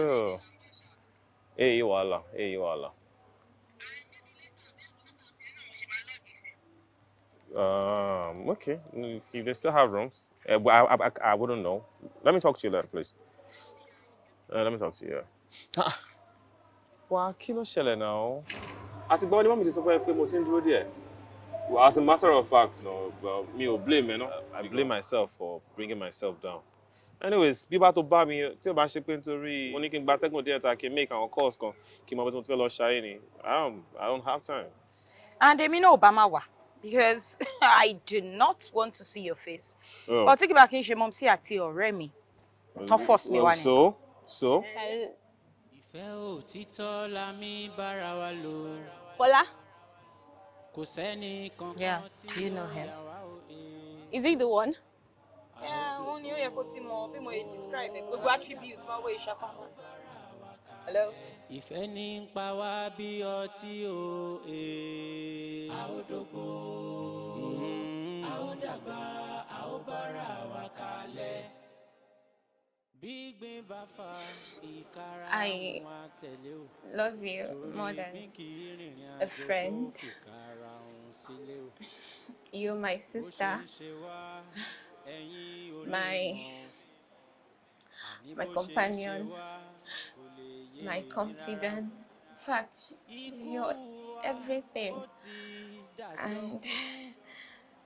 um, okay. If they still have rooms, uh, eh, I, I, I- I wouldn't know. Let me talk to you later, please. Uh, let me talk to you. Ah, wà á kí now? Àti gbọ́ ni mọ́mí ti sọ fún pé mo ti dúró díẹ̀. Well, as a matter of fact, no, well, me, oh, blame, you know, I blame myself for bringing myself down. anyways bí bá tó bá mi tí o bá ṣe pé nítorí mo ní kí n gba atẹ́gùn díẹ̀ ta kí n make àwọn calls kan kí n mọ bí mo ti fẹ́ lọ ṣayé ni um, i don't have time. and èmi náà ò bá máa wà because i do not want to see your face oh. but tí kì bá kí n ṣe mọ́ sí àti ọ̀rẹ́ mi tán oh, force mi wá oh, ni. so so. ìfẹ́ òtítọ́ la mi bára wa lò. Fọlá. kò sẹ́ni kankan tí ó yà wá òye. is he the one ni ó yẹ kó ti mọ bí mo lè describe ẹ gbogbo attribute máa wọ ìṣàpamọ́. hello. ìfẹ́ ní ń pa wá bí ọtí o ee. a ó dógbò hmm. a ó dàgbà a ó bára wa kalẹ̀. I love you more than a friend. You, my sister. my my companion, my confidant. In fact, you everything. And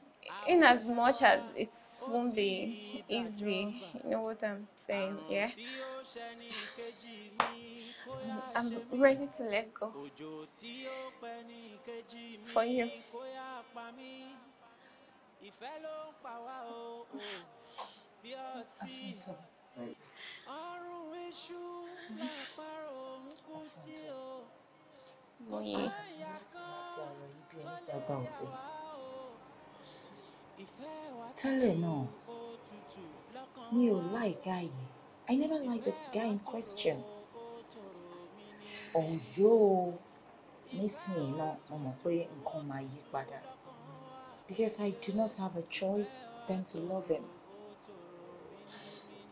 in as much as it won't be easy, you know what I'm saying, yeah? I'm ready to let go for you. ìfẹ́ ló ń pa wá o bí ọtí ọrùn iṣu lápárò ń kú sí o kò sáyà kan tó lè wá o ìfẹ́ wa tẹ́lẹ̀ náà mi ò láìka yìí I never liked the guy in question ọ̀hún yóò nísìnyí náà No. mọ̀ pé nǹkan máa yí padà. because I do not have a choice than to love him.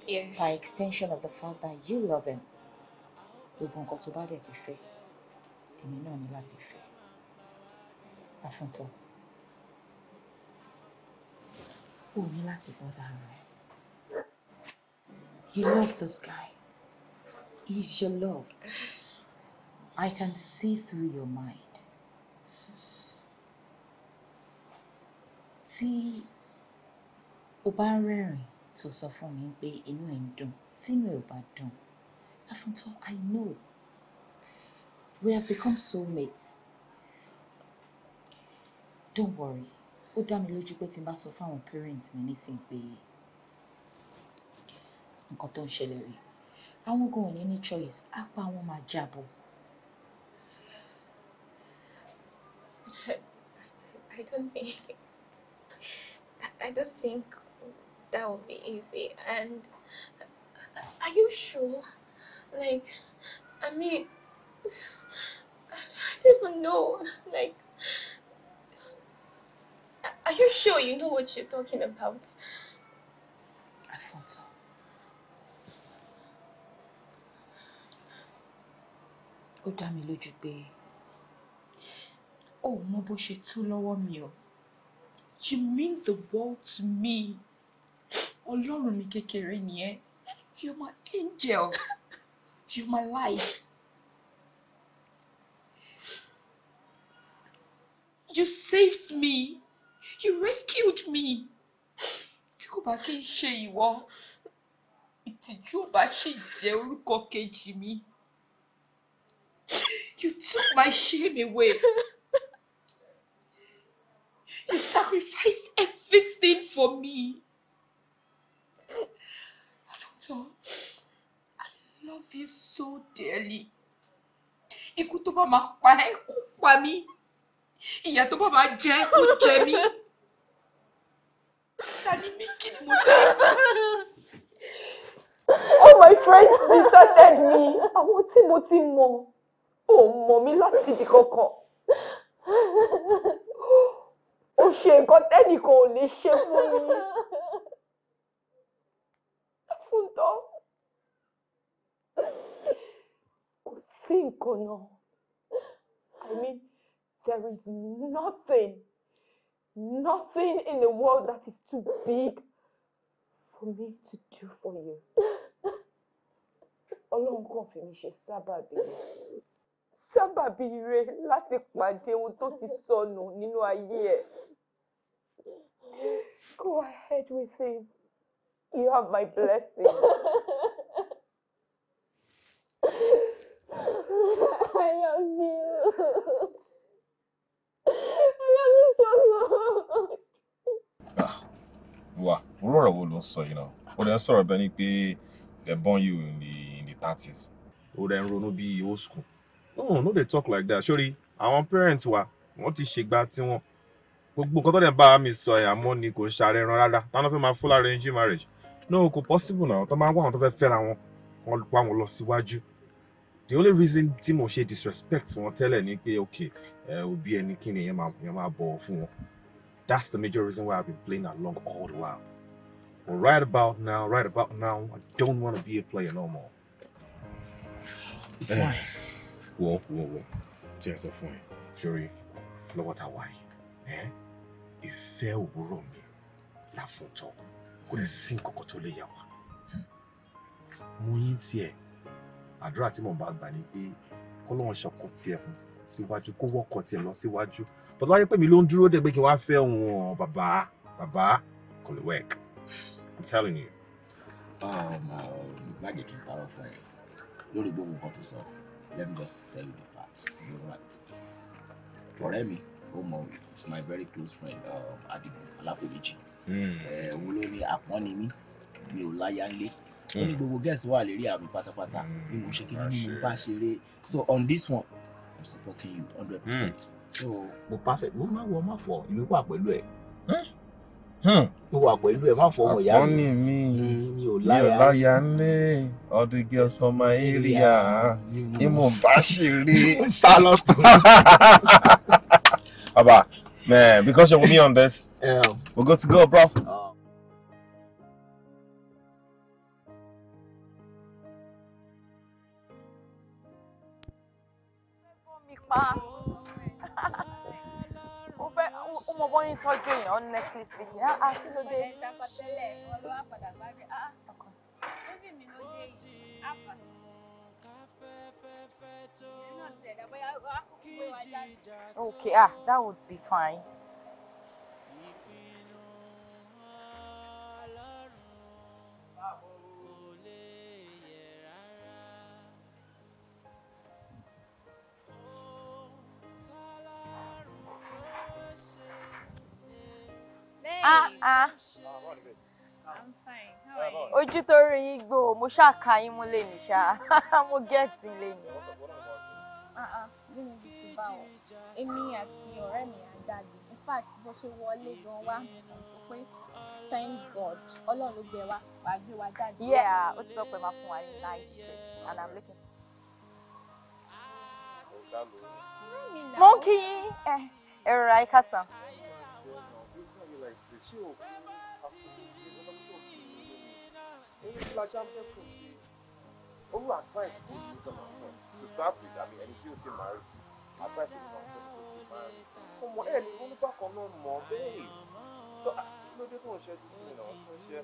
Yes. By extension of the fact that you love him. Gbogbo nǹkan tó bá dẹ̀ ti fẹ́, èmi náà ní láti fẹ́. Afúntọ́, o ní You love this guy. He's your love. I can see through your mind. Tí o bá ń rẹ́rìn-ín tó sọ fún mi pé inú ẹ ń dùn, tí inú ò bá dùn, Afuntan, I know we have become soulmates. Don't worry, ó dá mi lójú pé tí n bá sọ fún àwọn parents mi nísìnyí pé nǹkan tó ń ṣẹlẹ̀ rèé, àwọn gan ò ní ní choice, apá wọn máa jábọ́. I don't think I, I don't think that would be easy. And are you sure? Like, I mean, I don't even know. Like, are you sure you know what you're talking about? I thought so. Ó dá mi lójú pé ó mọ bó ṣe mi o you mean the world to me ọlọ́run mi kékeré nìyẹn you're my angel you're my light you saved me you rescued me tí kò bá kí n ṣe ìwọ ìtìjú ò bá ṣì jẹ́ orúkọ kejì mi you took my shame away. You sacrificed everything for me. Doctor, I love you so dearly. Ikú tó bá máa pa ẹ́ Iya pa mí. Ìyà tó bá máa Tani mi kí mo jẹ? All my friends deserted me. Àwọn tí mo ti mọ̀ ò mọ̀ mí láti ibì ṣe nǹkan tẹ́nìkan ò lè ṣe fún mi fún tán kò sí nǹkan náà I mean there is nothing nothing in the world that is too big for me to do for you ọlọ́run kàn fi mi ṣe sábàbí sábàbí rẹ láti pàdé ohun tó ti sọnù nínú ayé ẹ. Go ahead with him. You have my blessing. I love you. I love you so much. Ah, wà orú ọ̀rọ̀ wo ló ń sọ yìí náà? Ó dẹ̀ ń they born you in the in the thirties. Ó dẹ̀ ń ronú old school. No, no they talk like that. Sori, our parents were. wa, wọ́n ti ṣègbà tiwọn gbogbo nǹkan tó dẹ̀ bá mi sọ ẹ̀ ni kò ṣàrẹ̀ràn rárá táwọn fẹ́ máa full arrange marriage náà kò possible náà tó máa ń wá àwọn tó fẹ́ fẹ́ra wọn wọn pa wọn lọ síwájú the only reason tí mo ṣe disrespect wọn tẹ́lẹ̀ ni pé ok òbí ẹni kí ni èèyàn máa bọ̀wọ̀ fún wọn that's the major reason why I've been playing along all the while but right about now right about now I don't wanna be a player no more. wọ́n wọ́n wọ́n jẹ́ sọ fún ẹ sórí lọ́wọ́ tá wáyé ẹ́ ìfẹ́ òwúrọ̀ mi láfúntọ́ kò lè sí nǹkan tó lè yà wá. mo yín tiẹ̀ àdúrà tí mò ń bá gbà ni pé kọ́lọ́run ṣọkọ tiẹ̀ fún síwájú kó wọ́kọ̀ tiẹ̀ lọ síwájú bọ́dọ̀ wáyé pé mi ló ń dúró dé pé kí n wá fẹ́ wọn bàbá bàbá kò lè work i'm telling you. ọmọ um, má jẹ́ kí n parọ́ fún ẹ lórí gbogbo nǹkan tó sọ let me just tell you the fact you're right ọ̀rẹ́ mi ó mọ̀ it's my very close friend um, Adigun Alápòméjì hmm. eh, òun ló ní àpọ́n ni mí mi ò láyà ńlé ó ní hmm. gbogbo guest wà lérí àmì pátápátá hmm. bí mo ṣe kí ni ah, mo bá ṣeré so on this one i'm supporting you hundred percent. so mo perfect wo máa wọ ọmọ fọ èmi wà pẹ̀lú ẹ̀ mo wà pẹ̀lú ẹ̀ má fọ ọmọ ìyá mi mi ò láyà ńlé all the girls for my area ni mo bá ṣeré sálọ́tún. Abba, man, because you're with me on this, yeah. we're good to go, bro. honestly speaking Okay, ah, that would be fine. Ah, ah. Oh, I'm fine. ojú tó rí yín gbò mo ṣàkà yín mú lèmi ṣá mo gẹ̀ẹ́tì lèmi. bímọ èmi àti ọ̀rẹ́ mi àjáde in fact bó ṣe wọlé gan wá pé thank god ọlọ́run ló gbé wa wàá gbé wa jáde. yeah ó ti sọ pé máa fún wa ní láì and i'm looking. mo ń kí yín ẹ̀rọ àìkásán. He flashed out the Oh, I tried to put it on my phone. To start with, I mean, and he's still married. I tried to put it on my phone. Ọmọ ẹ̀ ní wọ́n bá kan náà mọ̀ bẹ́ẹ̀. So, ah, ló dé fún ìṣẹ́jú sí mi náà, fún iṣẹ́.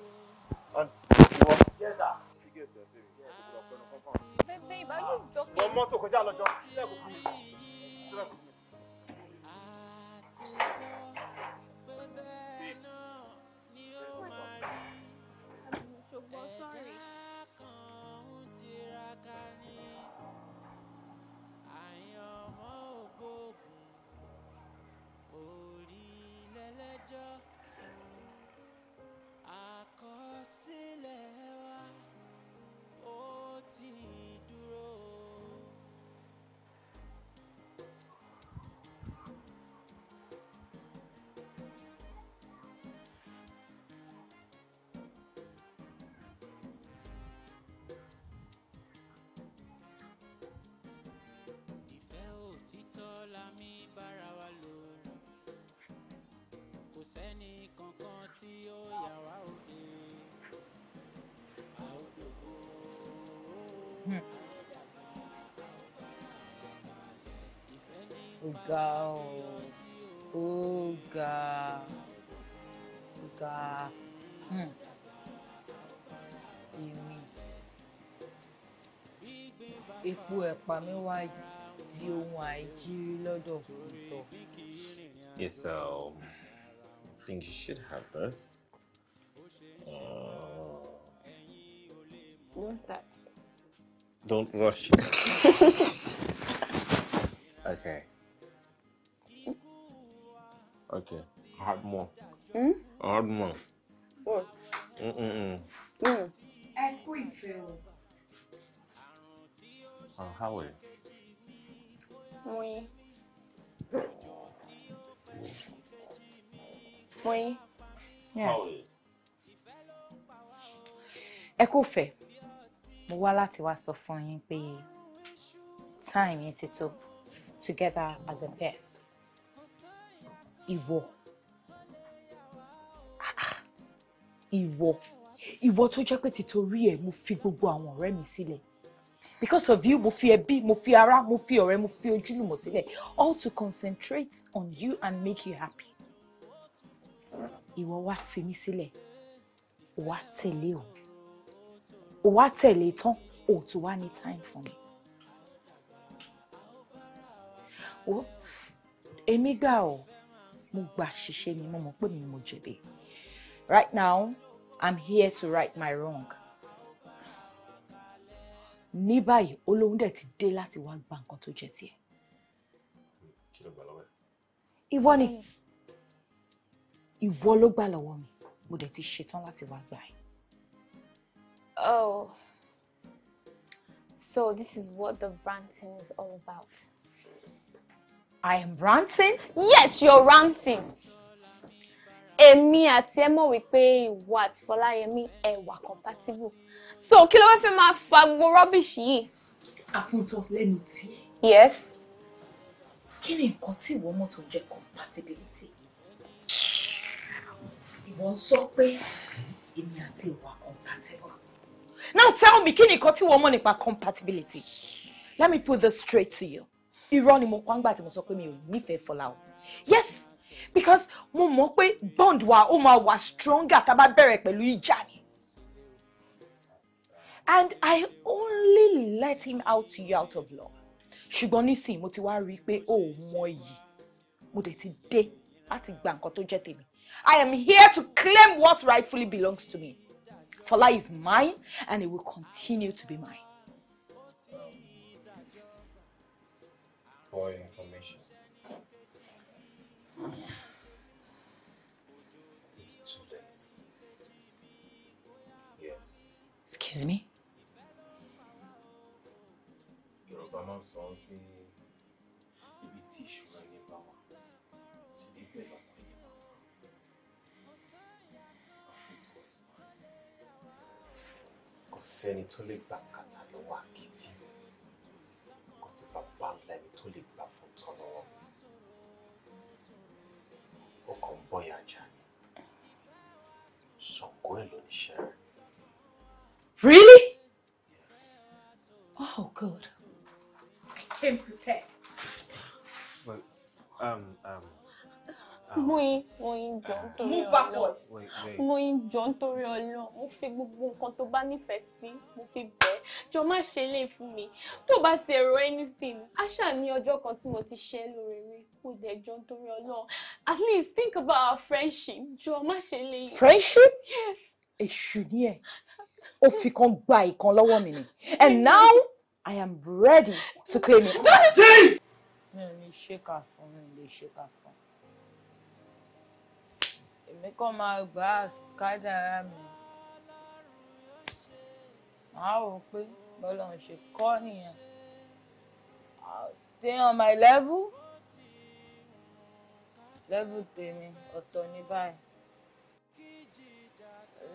And ìwọ. Yes, sir. She gets there, baby. Yeah, go to the phone Babe, babe, are you joking? Wọ́n mọ́tò kọjá lọ́jọ́. Sílẹ̀ kò kú mi. Sílẹ̀ kò kú mi. àjọ àkọsílẹ̀. sẹ́ni kankan tí ó yà wá òde àódògbò àódàgbà hmm. àógbà àgbàlẹ̀ ìfẹ́ hmm. èmi epo ẹ̀pà mi wá di ohun àìjírí lọ́dọ̀ fún ìtọ̀. Yes, um, think you should have this. Oh. What's that? Don't rush. okay. Okay. I had more. Hmm? I had more. What? Mm mm mm. Mm. É coifeu. Oh, how are you? Oi. Wọ́n yín. Ẹ kò fẹ́, mo wá láti wá sọ fún yín pé time yẹn ti tó together as a pair. Ìwọ. Ìwọ. Ìwọ tó jẹ́ pé títorí ẹ̀ mo fi gbogbo àwọn ọ̀rẹ́ mi sílẹ̀. Because of you, mo fi ẹbí, mo fi ara, mo fi ọ̀rẹ́, mo fi ojúlùmọ̀ sílẹ̀. All to concentrate on you and make you happy ìwọ wá fi mí sílẹ̀ ò wá tẹ̀lé òun ò wá tẹ̀lé tán ò tó wá ní time fún mi. wo èmi gbà ọ mo gbà ṣiṣẹ́ mi mo mọ̀ pé mi mo jẹ̀bi right now i'm here to right my wrong ní báyìí olóhùn dẹ̀ ti dé láti wá gba nǹkan tó jẹ́ tiẹ̀. ìwọ ni. Mm ìwọ ló gbà lọ́wọ́ mi mo dẹ̀ ti ṣetán láti wá gbà ẹ́. Oh, so this is what the ranting is all about. I am ranting? Yes, you're ranting. Èmi àti ẹ mọ̀ wípé ìwọ àti Fọláyẹmí ẹ wà compatible. So kí ló wá fẹ́ máa fa gbogbo rubbish yìí? Àfúntọ́ lẹ́nu tiẹ̀. Yes. Kí ni nǹkan tí ìwọ mọ̀ jẹ́ compatibility? wọ́n sọ pé èmi àti ìwà compatible. now tell me kini ni nǹkan tí compatibility let me put this straight to you Iro ni mo pa ńgbà tí mo sọ pé mi ò nífẹ̀ẹ́ fọlá o yes because mo mo pé bond wa ó máa wà stronger tá a bá bẹ̀rẹ̀ pẹ̀lú and I only let him out to you out of love ṣùgbọ́n nísìnyí mo ti wá rí i pé ó mọ iyì mo dẹ̀ ti dé láti gba nǹkan tó jẹ́ tèmi I am here to claim what rightfully belongs to me. Fola is mine and it will continue to be mine. for information, it's too late. Yes. Excuse me? Yorùbá máa ń sọ pé ibi tí kò sẹ́ni tó lè gbà kàtà lọ́wọ́ àkìtì kò sí bàbá ńlá ẹni tó lè gbà fún tọ́ lọ́wọ́ ń bọ̀yà ajá ni ṣọ̀kọ́ ẹ̀ ló ní ṣẹ́rẹ̀. Really? Oh, good. I came prepared. But, um, um, Múyìn Múyìn jọ nítorí ọlọ Múyìn jọ nítorí ọlọ mo fi gbogbo nǹkan tó bá nífẹ̀ẹ́ sí mo fi bẹ̀ ẹ́ jọ má ṣe lè fún mi tó bá ti ẹ̀rọ anything àṣà ní ọjọ́ kan tí mo ti ṣe lórí rí kò dẹ̀ jọ nítorí ọlọ at least think about our friendship jọ má ṣe lè. friendship yes. èṣù ni ẹ ó fi kan gba ìkan lọ́wọ́ mi ni and now I am ready to claim it. Chief! mi ò ní ṣe kà fún mi ò ní ṣe kà fún èmi kọ́ máa gbà á kádàrá mi màá wò ó pé bọ́lá ń ṣe kọ́ nìyẹn stay on my level level tèmi ọ̀tọ̀ ní báyìí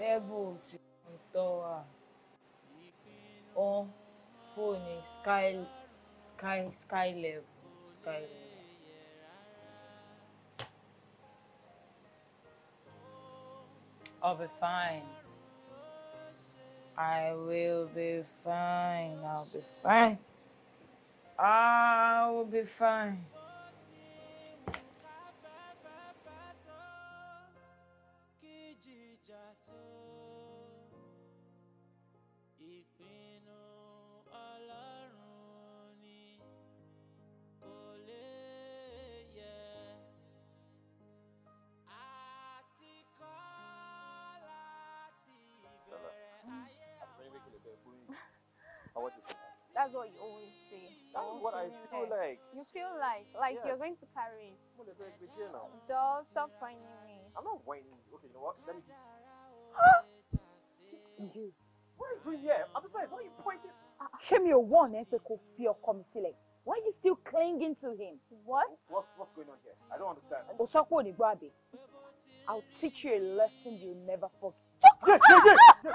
level tí mo tọ́ wa on fóònù sky sky sky level sky level. I'll be fine. I will be fine. I'll be fine. I will be fine. I want you That's what you always say. That's what I feel like. You feel like, like yeah. you're going to carry it. Well, it's you now. Don't stop whining me. I'm not whining Okay, you know what? Let me just... What are you doing here? I'm besides, why are you pointing? Ṣé mi ò wọ́n ẹ pé kò fi Why are you still clinging to him? What? What's, what's going on here? I don't understand. O ni pé I'll teach you a lesson you'll never forget. Yeah, yeah, yeah, yeah, yeah,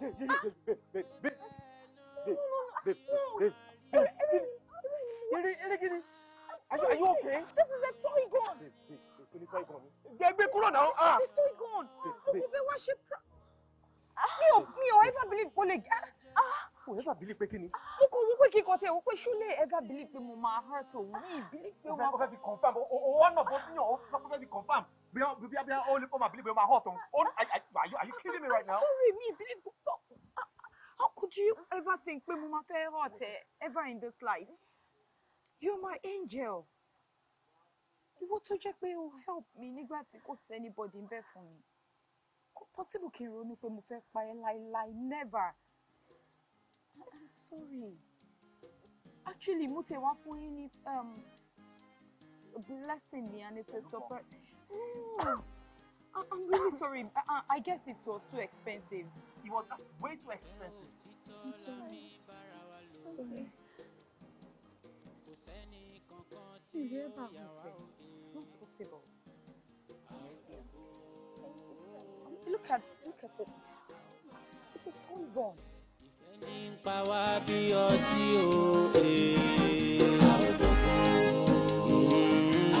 yeah, yeah, yeah, yeah, yeah babe, babe, babe, babe, babe. Iri, Iri, Iri. Are you, are you okay? This is a toy gun. Babe, babe, babe, only toy gun. Jẹ́ gbé kúrò náà. Ah. This is toy gun. Mo fẹ́ wá ṣe pra. Mi ò, mi ò ever believe kò lè. Ah. O ever believe pé kíni? Mo kò wọ́n pé kíkọ́ tẹ̀, wọ́n pé mo máa hurt òun. Mi pé wọ́n. O fẹ́ fi confirm, wọ́n náà bọ́ sí yàn, fẹ́ fi confirm. Bí a bí a ó lè fọ́ máa believe pé o máa hurt òun. Are you are me right now? Sorry, mi believe. How could you ever think pé mo máa fẹ́ hurt ever in this life? You're my angel. Ìwọ to jẹ́ pé o help me nígbà tí kò sí anybody ń bẹ̀ mi. possible kí n ronú pé mo fẹ́ pa ẹ́ láéláé never. I'm sorry. Actually, mo tẹ̀ wá fún yín ní um, blessing ni and it's a surprise. No, I'm really sorry. I, I guess it was too expensive it was just way too expensive. I'm sorry. Sorry. You hear about me? It's not possible. Look at look at it. It is all gone. Nípa wá bí ọtí o èè.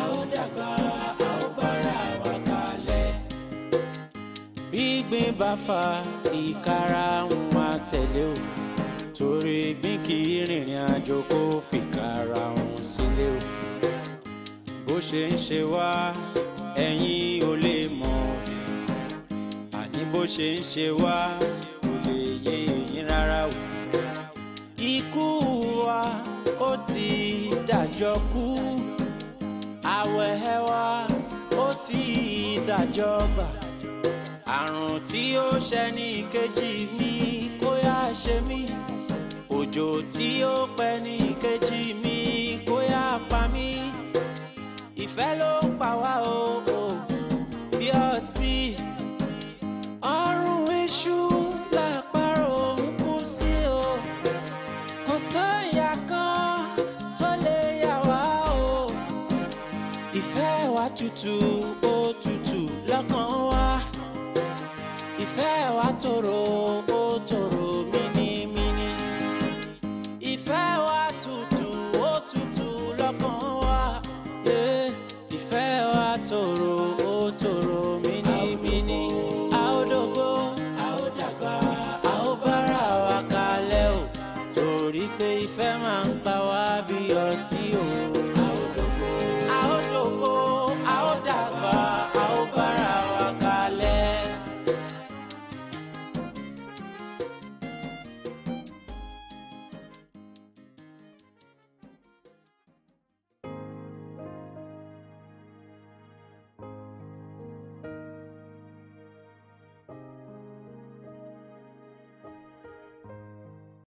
Àwọn dàgbà. gbígbín bá fa ìkarahun àtẹ̀lé o torí gbín kì í rìnrìn àjò kó fìkarahun sílé o bó ṣe ń ṣe wá ẹ̀yin ò lè mọ̀ àní bó ṣe ń ṣe wá kò lè yé yín rárá o ikú wa ó ti dàjọ kú àwẹ̀ wa ó ti dàjọ bà àrùn tí ó ṣe ní ìkejì mi kó yá ṣe mí òjò tí ó pẹ́ ní ìkejì mi kó yá pa mí ìfẹ́ ló ń pa wá o bí ọtí ọrùn iṣu làpárò ń kú sí o kò sóyà kan tó lè yà wá o ìfẹ́ wa tútù o.